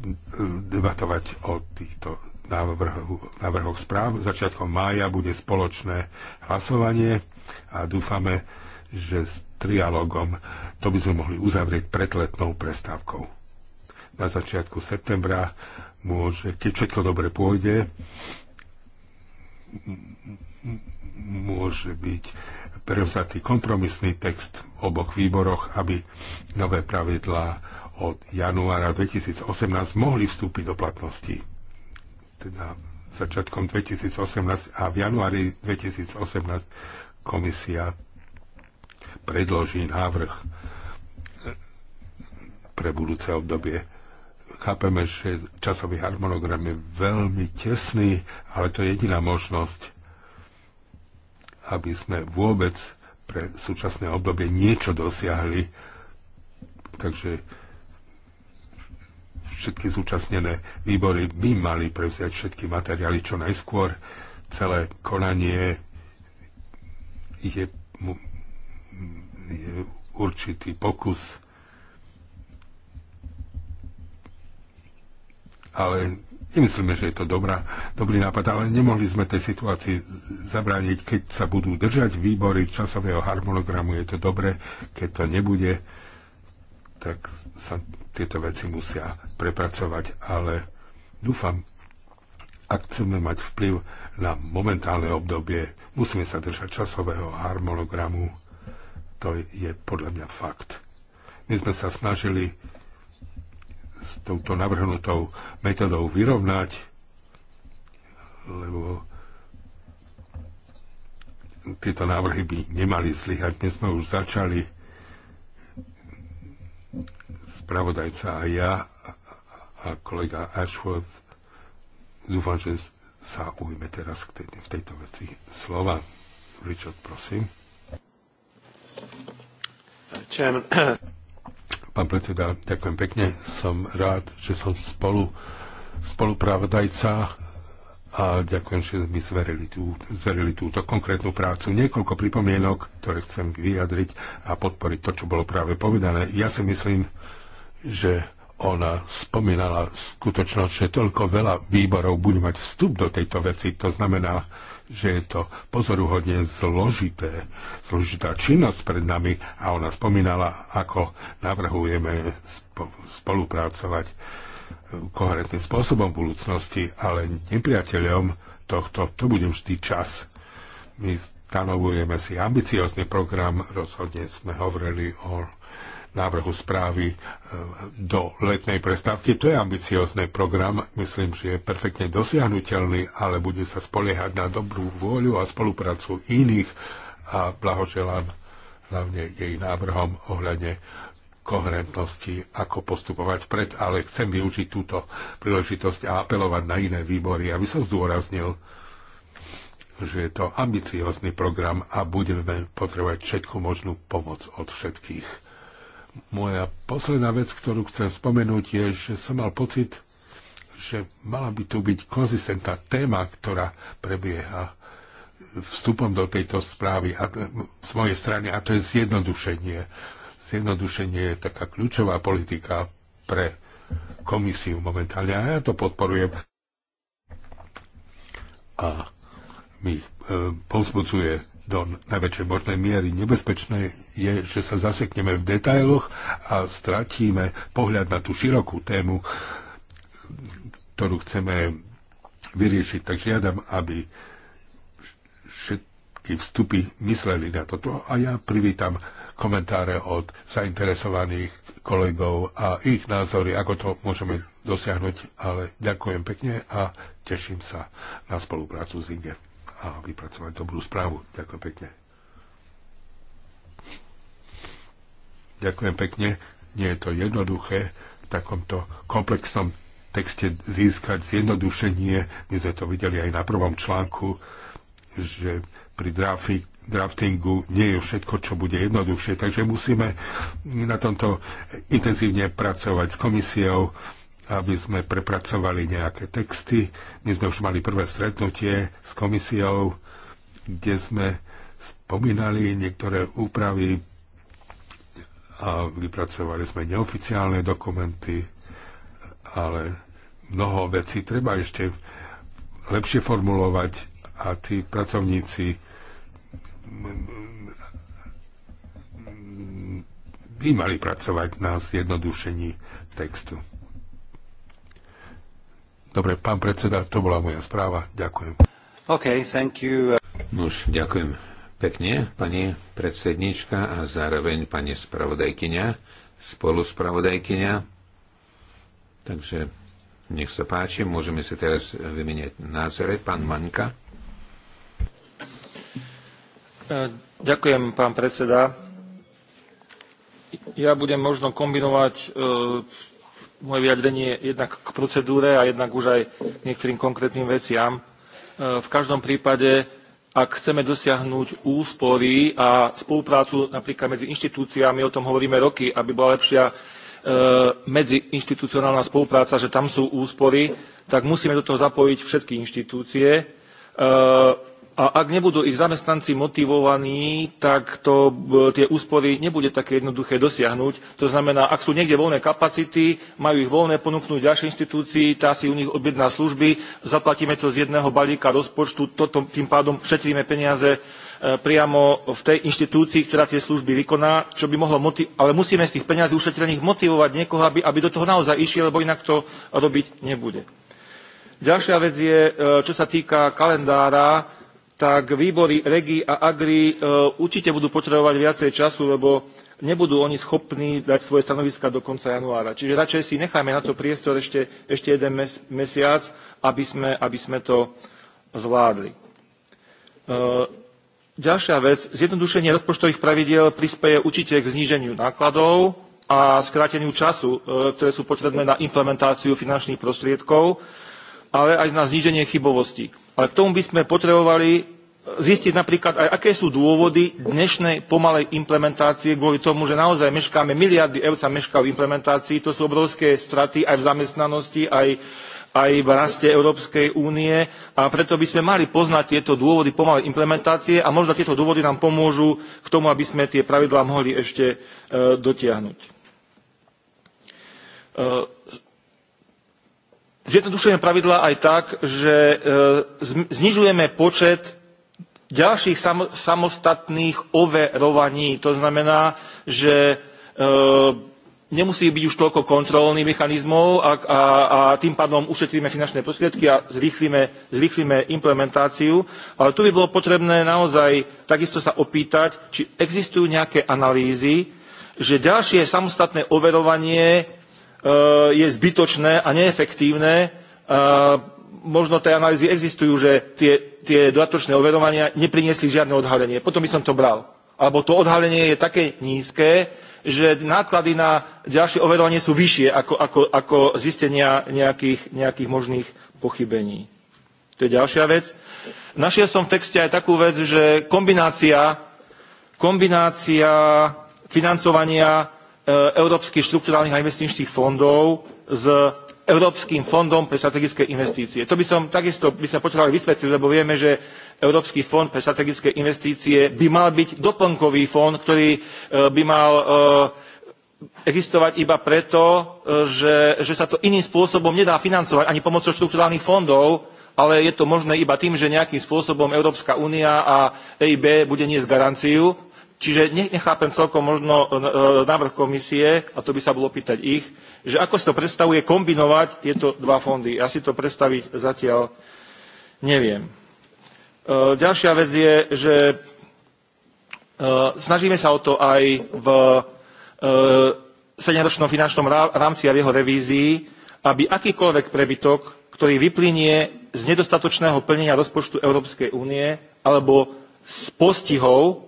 debatovať o týchto návrhoch, návrhoch správ. Začiatkom mája bude spoločné hlasovanie a dúfame, že s trialogom to by sme mohli uzavrieť pred letnou prestávkou na začiatku septembra môže, keď všetko dobre pôjde, môže byť prevzatý kompromisný text v oboch výboroch, aby nové pravidlá od januára 2018 mohli vstúpiť do platnosti. Teda začiatkom 2018 a v januári 2018 komisia predloží návrh pre budúce obdobie. Chápeme, že časový harmonogram je veľmi tesný, ale to je jediná možnosť, aby sme vôbec pre súčasné obdobie niečo dosiahli. Takže všetky zúčastnené výbory by mali prevziať všetky materiály čo najskôr. Celé konanie je, je určitý pokus ale nemyslíme, že je to dobrá, dobrý nápad, ale nemohli sme tej situácii zabrániť, keď sa budú držať výbory časového harmonogramu, je to dobré, keď to nebude, tak sa tieto veci musia prepracovať, ale dúfam, ak chceme mať vplyv na momentálne obdobie, musíme sa držať časového harmonogramu. To je podľa mňa fakt. My sme sa snažili s touto navrhnutou metodou vyrovnať, lebo tieto návrhy by nemali zlyhať. Dnes sme už začali spravodajca a ja a kolega Ashworth. Dúfam, že sa ujme teraz v tejto veci slova. Richard, prosím. Chairman. Pán predseda, ďakujem pekne. Som rád, že som spolu, spolupravodajca a ďakujem, že mi zverili, tú, zverili túto konkrétnu prácu. Niekoľko pripomienok, ktoré chcem vyjadriť a podporiť to, čo bolo práve povedané. Ja si myslím, že ona spomínala skutočnosť, že toľko veľa výborov bude mať vstup do tejto veci. To znamená, že je to pozoruhodne zložité, zložitá činnosť pred nami a ona spomínala, ako navrhujeme spolupracovať koherentným spôsobom v budúcnosti, ale nepriateľom tohto, to bude vždy čas. My stanovujeme si ambiciózny program, rozhodne sme hovorili o návrhu správy e, do letnej prestávky. To je ambiciózny program, myslím, že je perfektne dosiahnutelný, ale bude sa spoliehať na dobrú vôľu a spoluprácu iných a blahoželám hlavne jej návrhom ohľadne koherentnosti, ako postupovať vpred, ale chcem využiť túto príležitosť a apelovať na iné výbory, aby som zdôraznil, že je to ambiciózny program a budeme potrebovať všetku možnú pomoc od všetkých. Moja posledná vec, ktorú chcem spomenúť, je, že som mal pocit, že mala by tu byť konzistentná téma, ktorá prebieha vstupom do tejto správy a, z mojej strany a to je zjednodušenie. Zjednodušenie je taká kľúčová politika pre komisiu momentálne a ja to podporujem. A mi e, pozbudzuje do najväčšej možnej miery. Nebezpečné je, že sa zasekneme v detailoch a stratíme pohľad na tú širokú tému, ktorú chceme vyriešiť. Tak žiadam, aby všetky vstupy mysleli na toto a ja privítam komentáre od zainteresovaných kolegov a ich názory, ako to môžeme dosiahnuť, ale ďakujem pekne a teším sa na spoluprácu s Inge a vypracovať dobrú správu. Ďakujem pekne. Ďakujem pekne. Nie je to jednoduché v takomto komplexnom texte získať zjednodušenie. My sme to videli aj na prvom článku, že pri drafik, draftingu nie je všetko, čo bude jednoduchšie. Takže musíme na tomto intenzívne pracovať s komisiou, aby sme prepracovali nejaké texty. My sme už mali prvé stretnutie s komisiou, kde sme spomínali niektoré úpravy a vypracovali sme neoficiálne dokumenty, ale mnoho vecí treba ešte lepšie formulovať a tí pracovníci by mali pracovať na zjednodušení textu. Dobre, pán predseda, to bola moja správa. Ďakujem. OK, thank you. Nož, ďakujem pekne, pani predsednička a zároveň pani spravodajkyňa, spoluspravodajkyňa. Takže nech sa páči, môžeme si teraz vymeniať názory. Pán Manka. E, ďakujem, pán predseda. Ja budem možno kombinovať e, moje vyjadrenie jednak k procedúre a jednak už aj niektorým konkrétnym veciam. E, v každom prípade, ak chceme dosiahnuť úspory a spoluprácu napríklad medzi inštitúciami, o tom hovoríme roky, aby bola lepšia e, medziinstitucionálna spolupráca, že tam sú úspory, tak musíme do toho zapojiť všetky inštitúcie e, a ak nebudú ich zamestnanci motivovaní, tak to, e, tie úspory nebude také jednoduché dosiahnuť. To znamená, ak sú niekde voľné kapacity, majú ich voľné ponúknuť ďalšej inštitúcii, tá si u nich objedná služby, zaplatíme to z jedného balíka rozpočtu, toto, tým pádom šetríme peniaze e, priamo v tej inštitúcii, ktorá tie služby vykoná, čo by mohlo motiv- ale musíme z tých peniazí ušetrených motivovať niekoho, aby, aby do toho naozaj išiel, lebo inak to robiť nebude. Ďalšia vec je, e, čo sa týka kalendára, tak výbory REGI a AGRI e, určite budú potrebovať viacej času, lebo nebudú oni schopní dať svoje stanoviska do konca januára. Čiže radšej si necháme na to priestor ešte, ešte jeden mes, mesiac, aby sme, aby sme to zvládli. E, ďalšia vec, zjednodušenie rozpočtových pravidiel prispieje určite k zníženiu nákladov a skráteniu času, e, ktoré sú potrebné na implementáciu finančných prostriedkov, ale aj na zníženie chybovosti. Ale k tomu by sme potrebovali zistiť napríklad aj, aké sú dôvody dnešnej pomalej implementácie kvôli tomu, že naozaj meškáme, miliardy eur sa mešká v implementácii, to sú obrovské straty aj v zamestnanosti, aj, aj v raste Európskej únie a preto by sme mali poznať tieto dôvody pomalej implementácie a možno tieto dôvody nám pomôžu k tomu, aby sme tie pravidlá mohli ešte e, dotiahnuť. E, Zjednodušujeme pravidlá aj tak, že e, znižujeme počet ďalších samostatných overovaní. To znamená, že e, nemusí byť už toľko kontrolných mechanizmov a, a, a tým pádom ušetríme finančné prostriedky a zrýchlime, zrýchlime implementáciu. Ale tu by bolo potrebné naozaj takisto sa opýtať, či existujú nejaké analýzy, že ďalšie samostatné overovanie e, je zbytočné a neefektívne e, možno tie analýzy existujú, že tie, tie dodatočné overovania nepriniesli žiadne odhalenie. Potom by som to bral. Alebo to odhalenie je také nízke, že náklady na ďalšie overovanie sú vyššie ako, ako, ako zistenia nejakých, nejakých možných pochybení. To je ďalšia vec. Našiel som v texte aj takú vec, že kombinácia, kombinácia financovania e, európskych štrukturálnych a investičných fondov s Európskym fondom pre strategické investície. To by som takisto by sa potreboval vysvetliť, lebo vieme, že Európsky fond pre strategické investície by mal byť doplnkový fond, ktorý e, by mal e, existovať iba preto, e, že, že sa to iným spôsobom nedá financovať ani pomocou štrukturálnych fondov, ale je to možné iba tým, že nejakým spôsobom Európska únia a EIB bude niesť garanciu Čiže nechápem celkom možno e, e, návrh komisie, a to by sa bolo pýtať ich, že ako si to predstavuje kombinovať tieto dva fondy. Ja si to predstaviť zatiaľ neviem. E, ďalšia vec je, že snažíme sa o to aj v sedemročnom finančnom rámci a v jeho revízii, aby akýkoľvek prebytok, ktorý vyplynie z nedostatočného plnenia rozpočtu Európskej únie alebo z postihov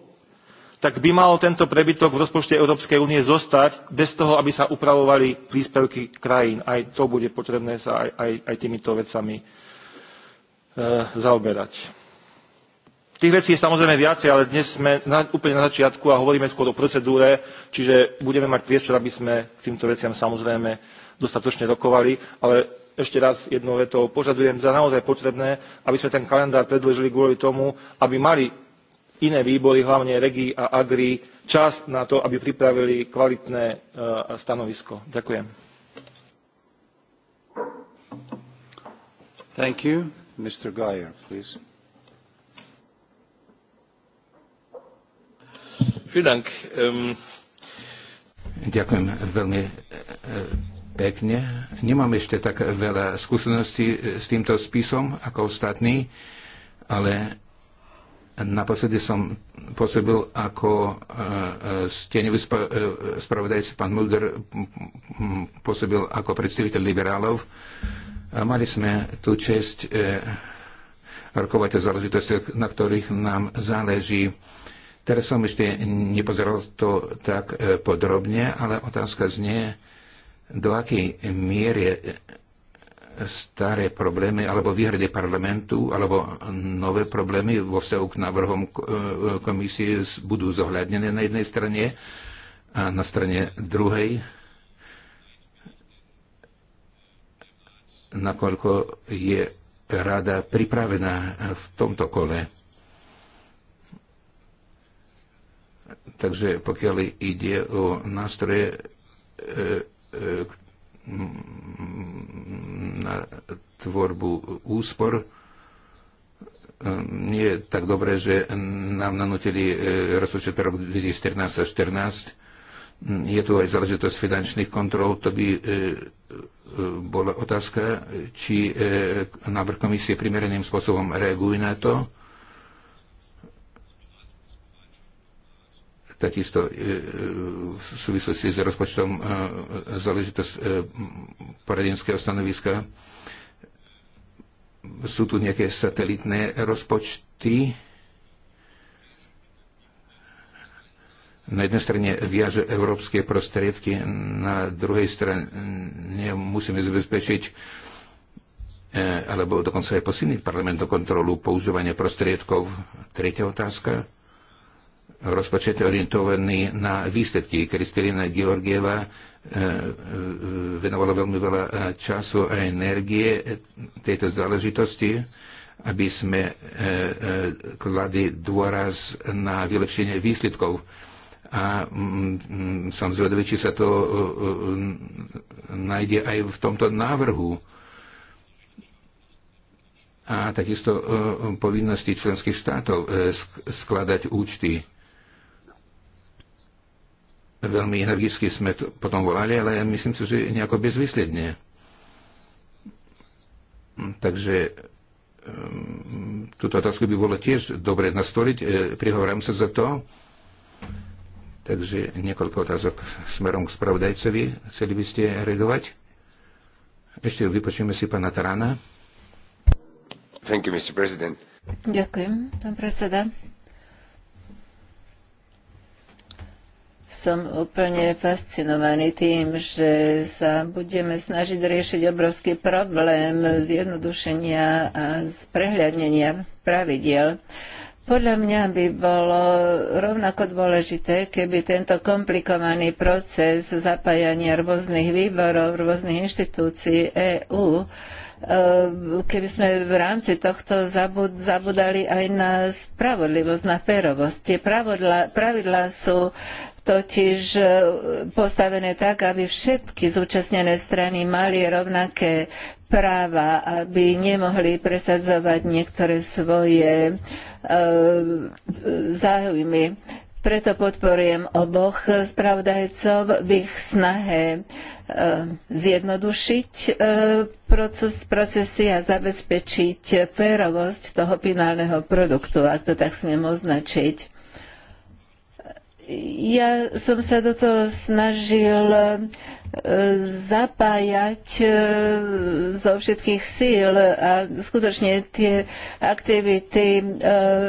tak by mal tento prebytok v rozpočte Európskej únie zostať bez toho, aby sa upravovali príspevky krajín. Aj to bude potrebné sa aj, aj, aj týmito vecami e, zaoberať. Tých vecí je samozrejme viacej, ale dnes sme na, úplne na začiatku a hovoríme skôr o procedúre, čiže budeme mať priestor, aby sme k týmto veciam samozrejme dostatočne rokovali, ale ešte raz jednou vetou požadujem za naozaj potrebné, aby sme ten kalendár predložili kvôli tomu, aby mali iné výbory, hlavne REGI a AGRI, čas na to, aby pripravili kvalitné e, stanovisko. Ďakujem. Thank you. Mr. Geyer, please. Vielen Dank. Ähm, Ďakujem veľmi e, e, pekne. Nemám ešte tak veľa skúseností s týmto spisom ako ostatní, ale Naposledy som pôsobil ako e, e, e spravodajci, pán Mulder pôsobil ako predstaviteľ liberálov. A mali sme tú čest e, rokovať o záležitostiach, na ktorých nám záleží. Teraz som ešte nepozeral to tak podrobne, ale otázka znie, do akej miery staré problémy alebo výhrady parlamentu alebo nové problémy vo vzťahu k návrhom e, e, komisie budú zohľadnené na jednej strane a na strane druhej, nakoľko je rada pripravená v tomto kole. Takže pokiaľ ide o nástroje, e, na tvorbu úspor ehm, nie je tak dobré, že nám nanútili e, rozpočet pre rok 2014 a 2014. Ehm, je tu aj záležitosť finančných kontrol, to by e, e, bola otázka, či návrh komisie primereným spôsobom reaguje na to takisto e, v súvislosti s rozpočtom e, záležitosť e, poradenského stanoviska. Sú tu nejaké satelitné rozpočty. Na jednej strane viaže európske prostriedky, na druhej strane musíme zabezpečiť alebo dokonca aj posilniť parlament do kontrolu používania prostriedkov. Tretia otázka rozpočet orientovaný na výsledky. Kristelina Georgieva e, e, venovala veľmi veľa e, času a energie tejto záležitosti, aby sme klali dôraz na vylepšenie výsledkov. A som mm, mm, zvedavý, či sa to nájde aj v tomto návrhu a takisto povinnosti členských štátov skladať účty Veľmi energicky sme to potom volali, ale myslím si, že nejako bezvýsledne. Takže ehm, túto otázku by bolo tiež dobre nastoliť. E, prihovorám sa za to. Takže niekoľko otázok smerom k spravodajcovi. Chceli by ste reagovať? Ešte vypočujeme si pána Tarana. Thank you, Mr. President. Ďakujem, pán predseda. som úplne fascinovaný tým, že sa budeme snažiť riešiť obrovský problém zjednodušenia a sprehľadnenia pravidiel. Podľa mňa by bolo rovnako dôležité, keby tento komplikovaný proces zapájania rôznych výborov, rôznych inštitúcií EÚ, e, keby sme v rámci tohto zabudali aj na spravodlivosť, na férovosť. Tie pravidlá sú totiž e, postavené tak, aby všetky zúčastnené strany mali rovnaké práva, aby nemohli presadzovať niektoré svoje e, záujmy. Preto podporujem oboch spravodajcov v ich snahe e, zjednodušiť proces, procesy a zabezpečiť férovosť toho finálneho produktu, ak to tak smiem označiť ja som sa do toho snažil zapájať zo všetkých síl a skutočne tie aktivity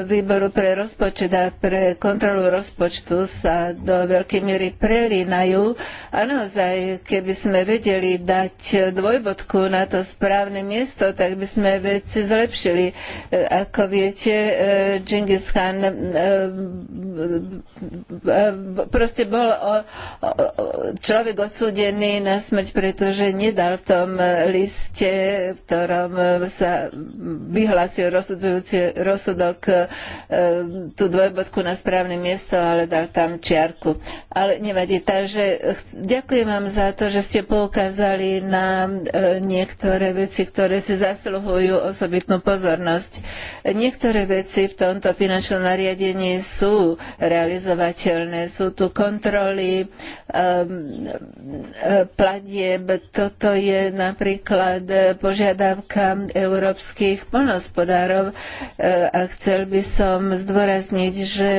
výboru pre rozpočet a pre kontrolu rozpočtu sa do veľkej miery prelínajú a naozaj, keby sme vedeli dať dvojbodku na to správne miesto, tak by sme veci zlepšili. Ako viete, Genghis Khan proste bol človek odsúdený odsúdený na smrť, pretože nedal v tom liste, v ktorom sa vyhlásil rozsudok e, tú dvojbodku na správne miesto, ale dal tam čiarku. Ale nevadí. Takže ďakujem vám za to, že ste poukázali na e, niektoré veci, ktoré si zasluhujú osobitnú pozornosť. Niektoré veci v tomto finančnom nariadení sú realizovateľné. Sú tu kontroly, um, platieb. Toto je napríklad požiadavka európskych polnohospodárov eh, a chcel by som zdôrazniť, že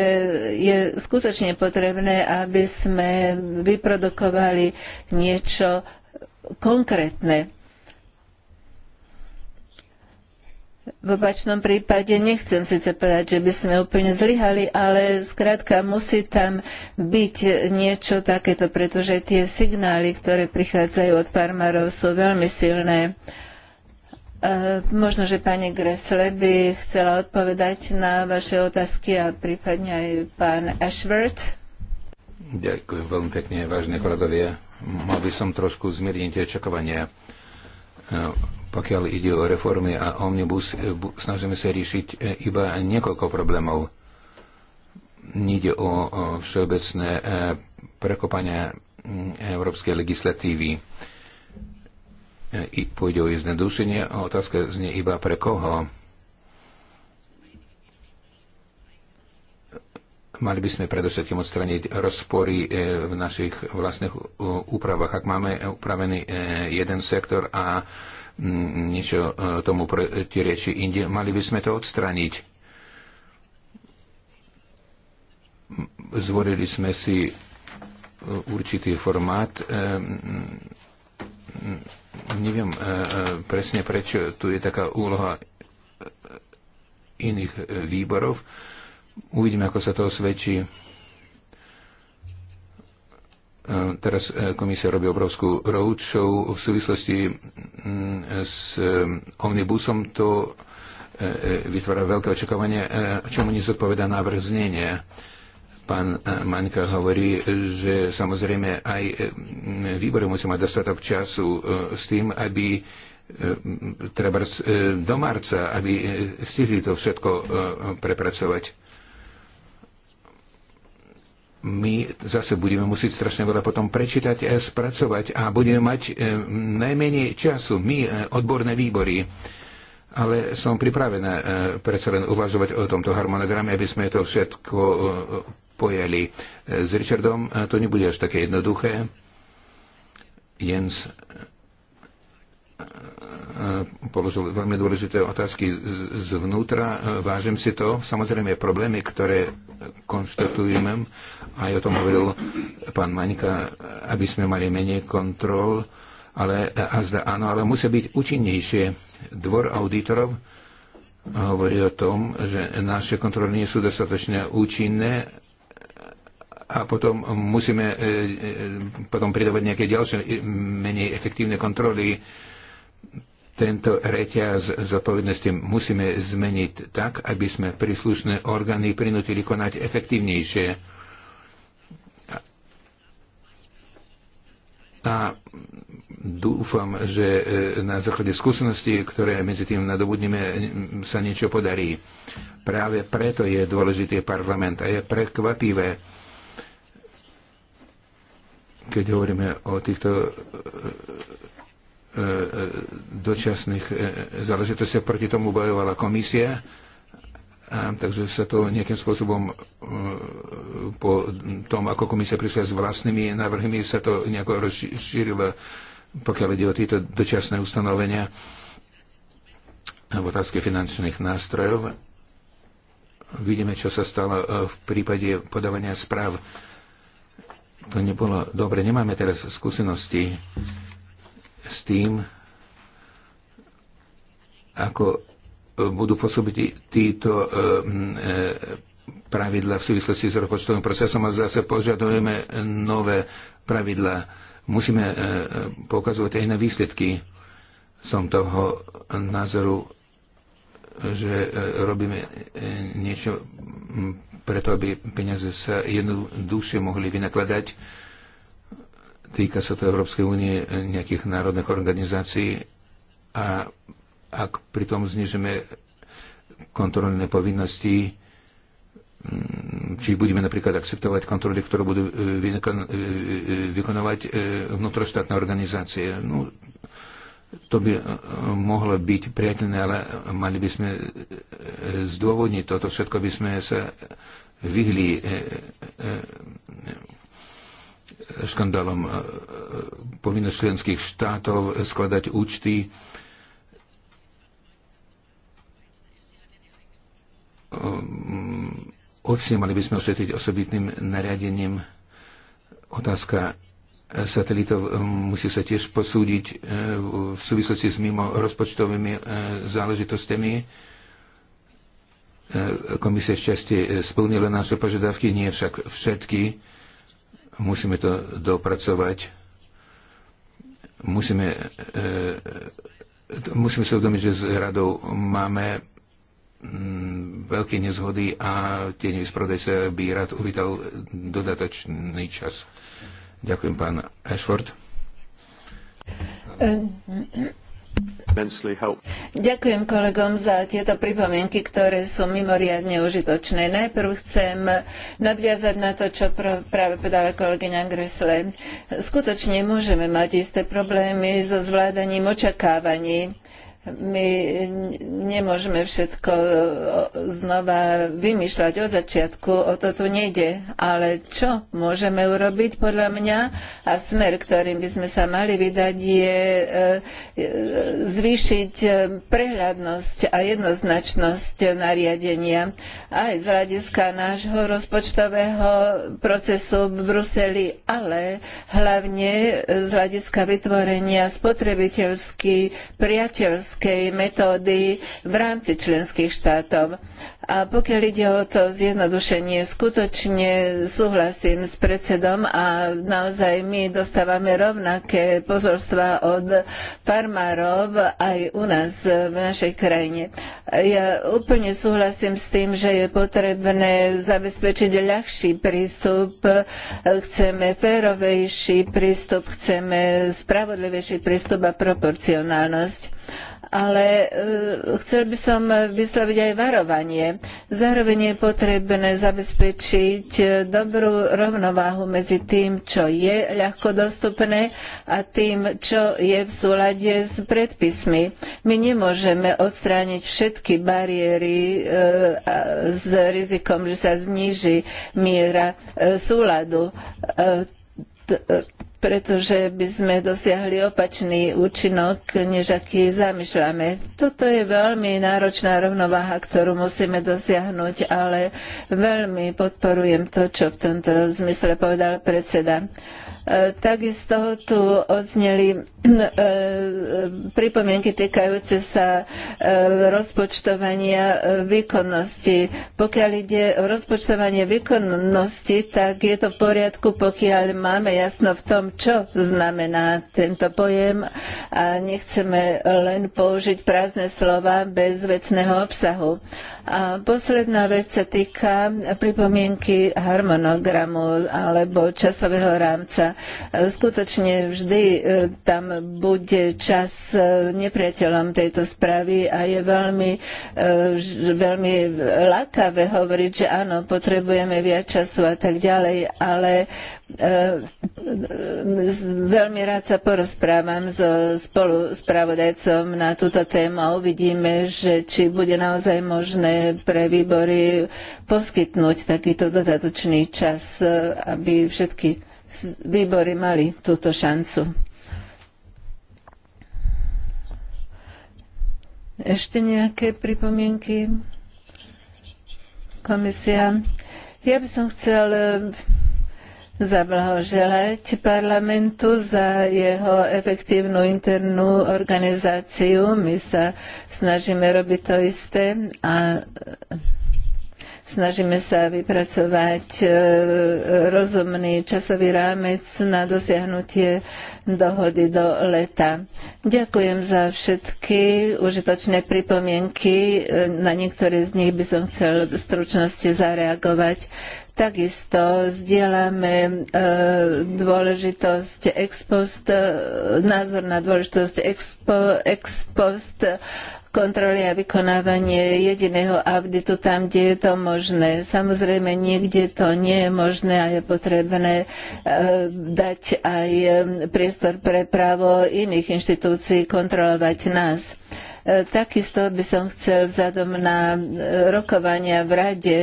je skutočne potrebné, aby sme vyprodukovali niečo konkrétne. V opačnom prípade nechcem síce povedať, že by sme úplne zlyhali, ale zkrátka musí tam byť niečo takéto, pretože tie signály, ktoré prichádzajú od farmárov, sú veľmi silné. E, možno, že pani Gresle by chcela odpovedať na vaše otázky a prípadne aj pán Ashworth. Ďakujem veľmi pekne, vážne kolegovia. Mal by som trošku zmierniť očakávania e, pokiaľ ide o reformy a omnibus, e, snažíme sa riešiť e, iba niekoľko problémov. Nide o všeobecné e, prekopania európskej legislatívy. I pôjde o iznedušenie. a otázka znie iba pre koho. Mali by sme predovšetkým odstraniť rozpory v našich vlastných úpravách. Ak máme upravený jeden sektor a niečo e, tomu protirečí inde, mali by sme to odstraniť. Zvolili sme si e, určitý formát. E, neviem presne, prečo tu je taká úloha iných výborov. Uvidíme, ako sa to osvedčí. Teraz e, komisia robí obrovskú roadshow v súvislosti s e, omnibusom. To e, vytvára veľké očakávanie, čomu nezodpoveda návrh znenia. Pán Maňka hovorí, že samozrejme aj výbory musí mať dostatok času s tým, aby treba do marca, aby stihli to všetko prepracovať my zase budeme musieť strašne veľa potom prečítať a e, spracovať a budeme mať e, najmenej času, my, e, odborné výbory. Ale som pripravená predsa len uvažovať o tomto harmonograme, aby sme to všetko pojali. S Richardom to nebude až také jednoduché. Jens položil veľmi dôležité otázky zvnútra. Vážim si to. Samozrejme, problémy, ktoré konštatujeme, aj o tom hovoril pán Maňka, aby sme mali menej kontrol, ale a zda áno, ale musia byť účinnejšie. Dvor auditorov hovorí o tom, že naše kontroly nie sú dostatočne účinné a potom musíme e, e, potom pridávať nejaké ďalšie e, menej efektívne kontroly. Tento reťaz zodpovednosti musíme zmeniť tak, aby sme príslušné orgány prinútili konať efektívnejšie a dúfam, že e, na základe skúseností, ktoré medzi tým nadobudneme, sa niečo podarí. Práve preto je dôležitý parlament a je prekvapivé, keď hovoríme o týchto e, e, dočasných záležitostiach, proti tomu bojovala komisia, takže sa to nejakým spôsobom po tom, ako komisia prišla s vlastnými návrhmi, sa to nejako rozšírilo, pokiaľ ide o tieto dočasné ustanovenia v otázke finančných nástrojov. Vidíme, čo sa stalo e, v prípade podávania správ. To nebolo dobre. Nemáme teraz skúsenosti s tým, ako budú pôsobiť títo e, e, pravidla v súvislosti s rozpočtovým procesom a zase požadujeme nové pravidla. Musíme e, poukazovať aj na výsledky. Som toho názoru, že e, robíme e, niečo preto, aby peniaze sa jednoduchšie mohli vynakladať. Týka sa to Európskej únie, nejakých národných organizácií a ak pritom znižíme kontrolné povinnosti, Mm, či budeme napríklad akceptovať kontroly, ktoré budú e, e, e, vykonovať vnútroštátne organizácie. No, to by mohlo byť priateľné, ale mali by sme zdôvodniť toto všetko, by sme sa vyhli škandálom povinnosť členských štátov skladať účty um, Určite mali by sme osvetliť osobitným nariadením. Otázka satelitov e, musí sa tiež posúdiť e, v súvislosti s mimo rozpočtovými e, záležitostiami. Komisia šťastie splnila naše požiadavky, nie však všetky. Musíme to dopracovať. Musíme, musíme sa uvedomiť, že s radou máme Mm, veľké nezhody a tieňový sa by rád uvítal dodatočný čas. Ďakujem, pán Ashford. Ďakujem kolegom za tieto pripomienky, ktoré sú mimoriadne užitočné. Najprv chcem nadviazať na to, čo práve povedala kolegyňa Gressle. Skutočne môžeme mať isté problémy so zvládaním očakávaní my nemôžeme všetko e, znova vymýšľať od začiatku, o to tu nejde. Ale čo môžeme urobiť podľa mňa a smer, ktorým by sme sa mali vydať, je e, e, zvýšiť prehľadnosť a jednoznačnosť nariadenia aj z hľadiska nášho rozpočtového procesu v Bruseli, ale hlavne z hľadiska vytvorenia spotrebiteľských priateľských školskej metódy v rámci členských štátov. A pokiaľ ide o to zjednodušenie, skutočne súhlasím s predsedom a naozaj my dostávame rovnaké pozorstva od farmárov aj u nás v našej krajine. Ja úplne súhlasím s tým, že je potrebné zabezpečiť ľahší prístup, chceme férovejší prístup, chceme spravodlivejší prístup a proporcionálnosť ale e, chcel by som vysloviť aj varovanie. Zároveň je potrebné zabezpečiť eh, dobrú rovnováhu medzi tým, čo je ľahko dostupné a tým, čo je v súlade s predpismi. My nemôžeme odstrániť všetky bariéry eh, s rizikom, že sa zníži miera eh, súladu pretože by sme dosiahli opačný účinok, než aký zamýšľame. Toto je veľmi náročná rovnováha, ktorú musíme dosiahnuť, ale veľmi podporujem to, čo v tomto zmysle povedal predseda. Takisto tu odzneli eh, pripomienky týkajúce sa eh, rozpočtovania eh, výkonnosti. Pokiaľ ide o rozpočtovanie výkonnosti, tak je to v poriadku, pokiaľ máme jasno v tom, čo znamená tento pojem a nechceme len použiť prázdne slova bez vecného obsahu. A posledná vec sa týka pripomienky harmonogramu alebo časového rámca skutočne vždy e, tam bude čas e, nepriateľom tejto správy a je veľmi, e, veľmi lakavé hovoriť, že áno, potrebujeme viac času a tak ďalej, ale veľmi rád sa porozprávam so spoluspravodajcom na túto tému a uvidíme, že či bude naozaj možné pre výbory poskytnúť takýto dodatočný čas, aby všetky výbory mali túto šancu. Ešte nejaké pripomienky? Komisia. Ja by som chcel eh, zablahoželať parlamentu za jeho efektívnu internú organizáciu. My sa snažíme robiť to isté a Snažíme sa vypracovať e, rozumný časový rámec na dosiahnutie dohody do leta. Ďakujem za všetky užitočné pripomienky. E, na niektoré z nich by som chcel v stručnosti zareagovať. Takisto zdieľame e, dôležitosť ex post, e, názor na dôležitosť ex, po, ex post kontroly a vykonávanie jediného auditu tam, kde je to možné. Samozrejme, niekde to nie je možné a je potrebné e, dať aj e, priestor pre právo iných inštitúcií kontrolovať nás. E, takisto by som chcel vzhľadom na rokovania v Rade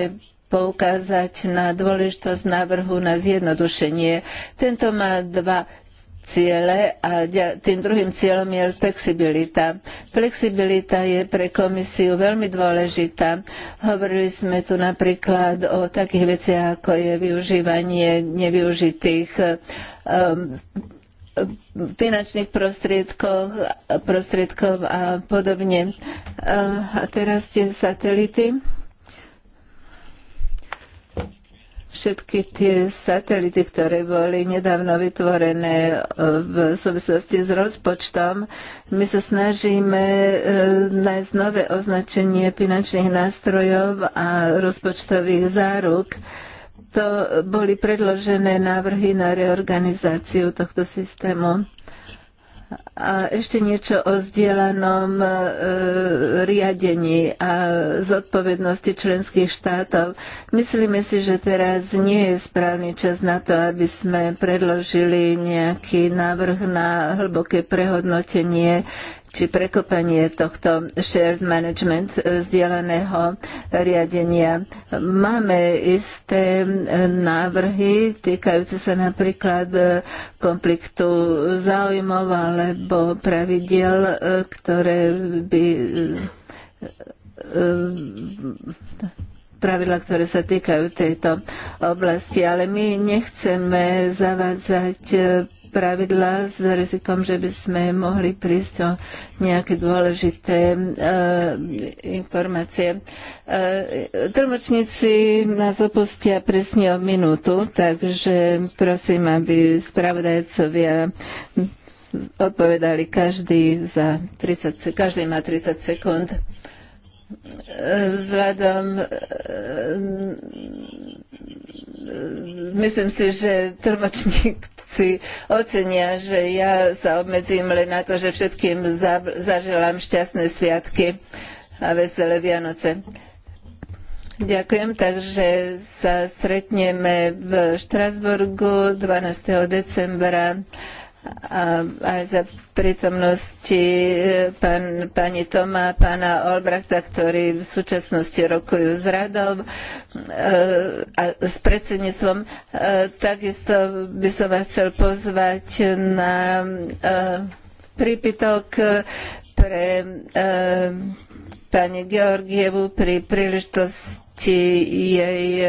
poukázať na dôležitosť návrhu na zjednodušenie. Tento má dva ciele a tým druhým cieľom je flexibilita. Flexibilita je pre komisiu veľmi dôležitá. Hovorili sme tu napríklad o takých veciach, ako je využívanie nevyužitých um, finančných prostriedkov, prostriedkov a podobne. A teraz tie satelity. všetky tie satelity, ktoré boli nedávno vytvorené e, v súvislosti s rozpočtom. My sa snažíme e, nájsť nové označenie finančných nástrojov a rozpočtových záruk. To boli predložené návrhy na reorganizáciu tohto systému. A ešte niečo o zdieľanom e, riadení a zodpovednosti členských štátov. Myslíme si, že teraz nie je správny čas na to, aby sme predložili nejaký návrh na hlboké prehodnotenie či prekopanie tohto shared management, e, zdieľaného riadenia. Máme isté e, návrhy týkajúce sa napríklad e, konfliktu záujmov alebo pravidiel, ktoré by pravidla, ktoré sa týkajú tejto oblasti, ale my nechceme zavádzať pravidla s rizikom, že by sme mohli prísť o nejaké dôležité e, informácie. E, eh, trmočníci nás opustia presne o minútu, takže prosím, aby spravodajcovia odpovedali každý za 30 sekúnd. Každý má 30 sekúnd. Eh, vzhľadom myslím si, že trmočníci ocenia, že ja sa obmedzím len na to, že všetkým zaželám šťastné sviatky a veselé Vianoce. Ďakujem, takže sa stretneme v Štrasburgu 12. decembra a aj za prítomnosti e, pán, pani Toma a pána Olbrachta, ktorí v súčasnosti rokujú s radou e, a s predsedníctvom. E, takisto by som vás chcel pozvať na prípitok pre pani Georgievu pri príležitosti jej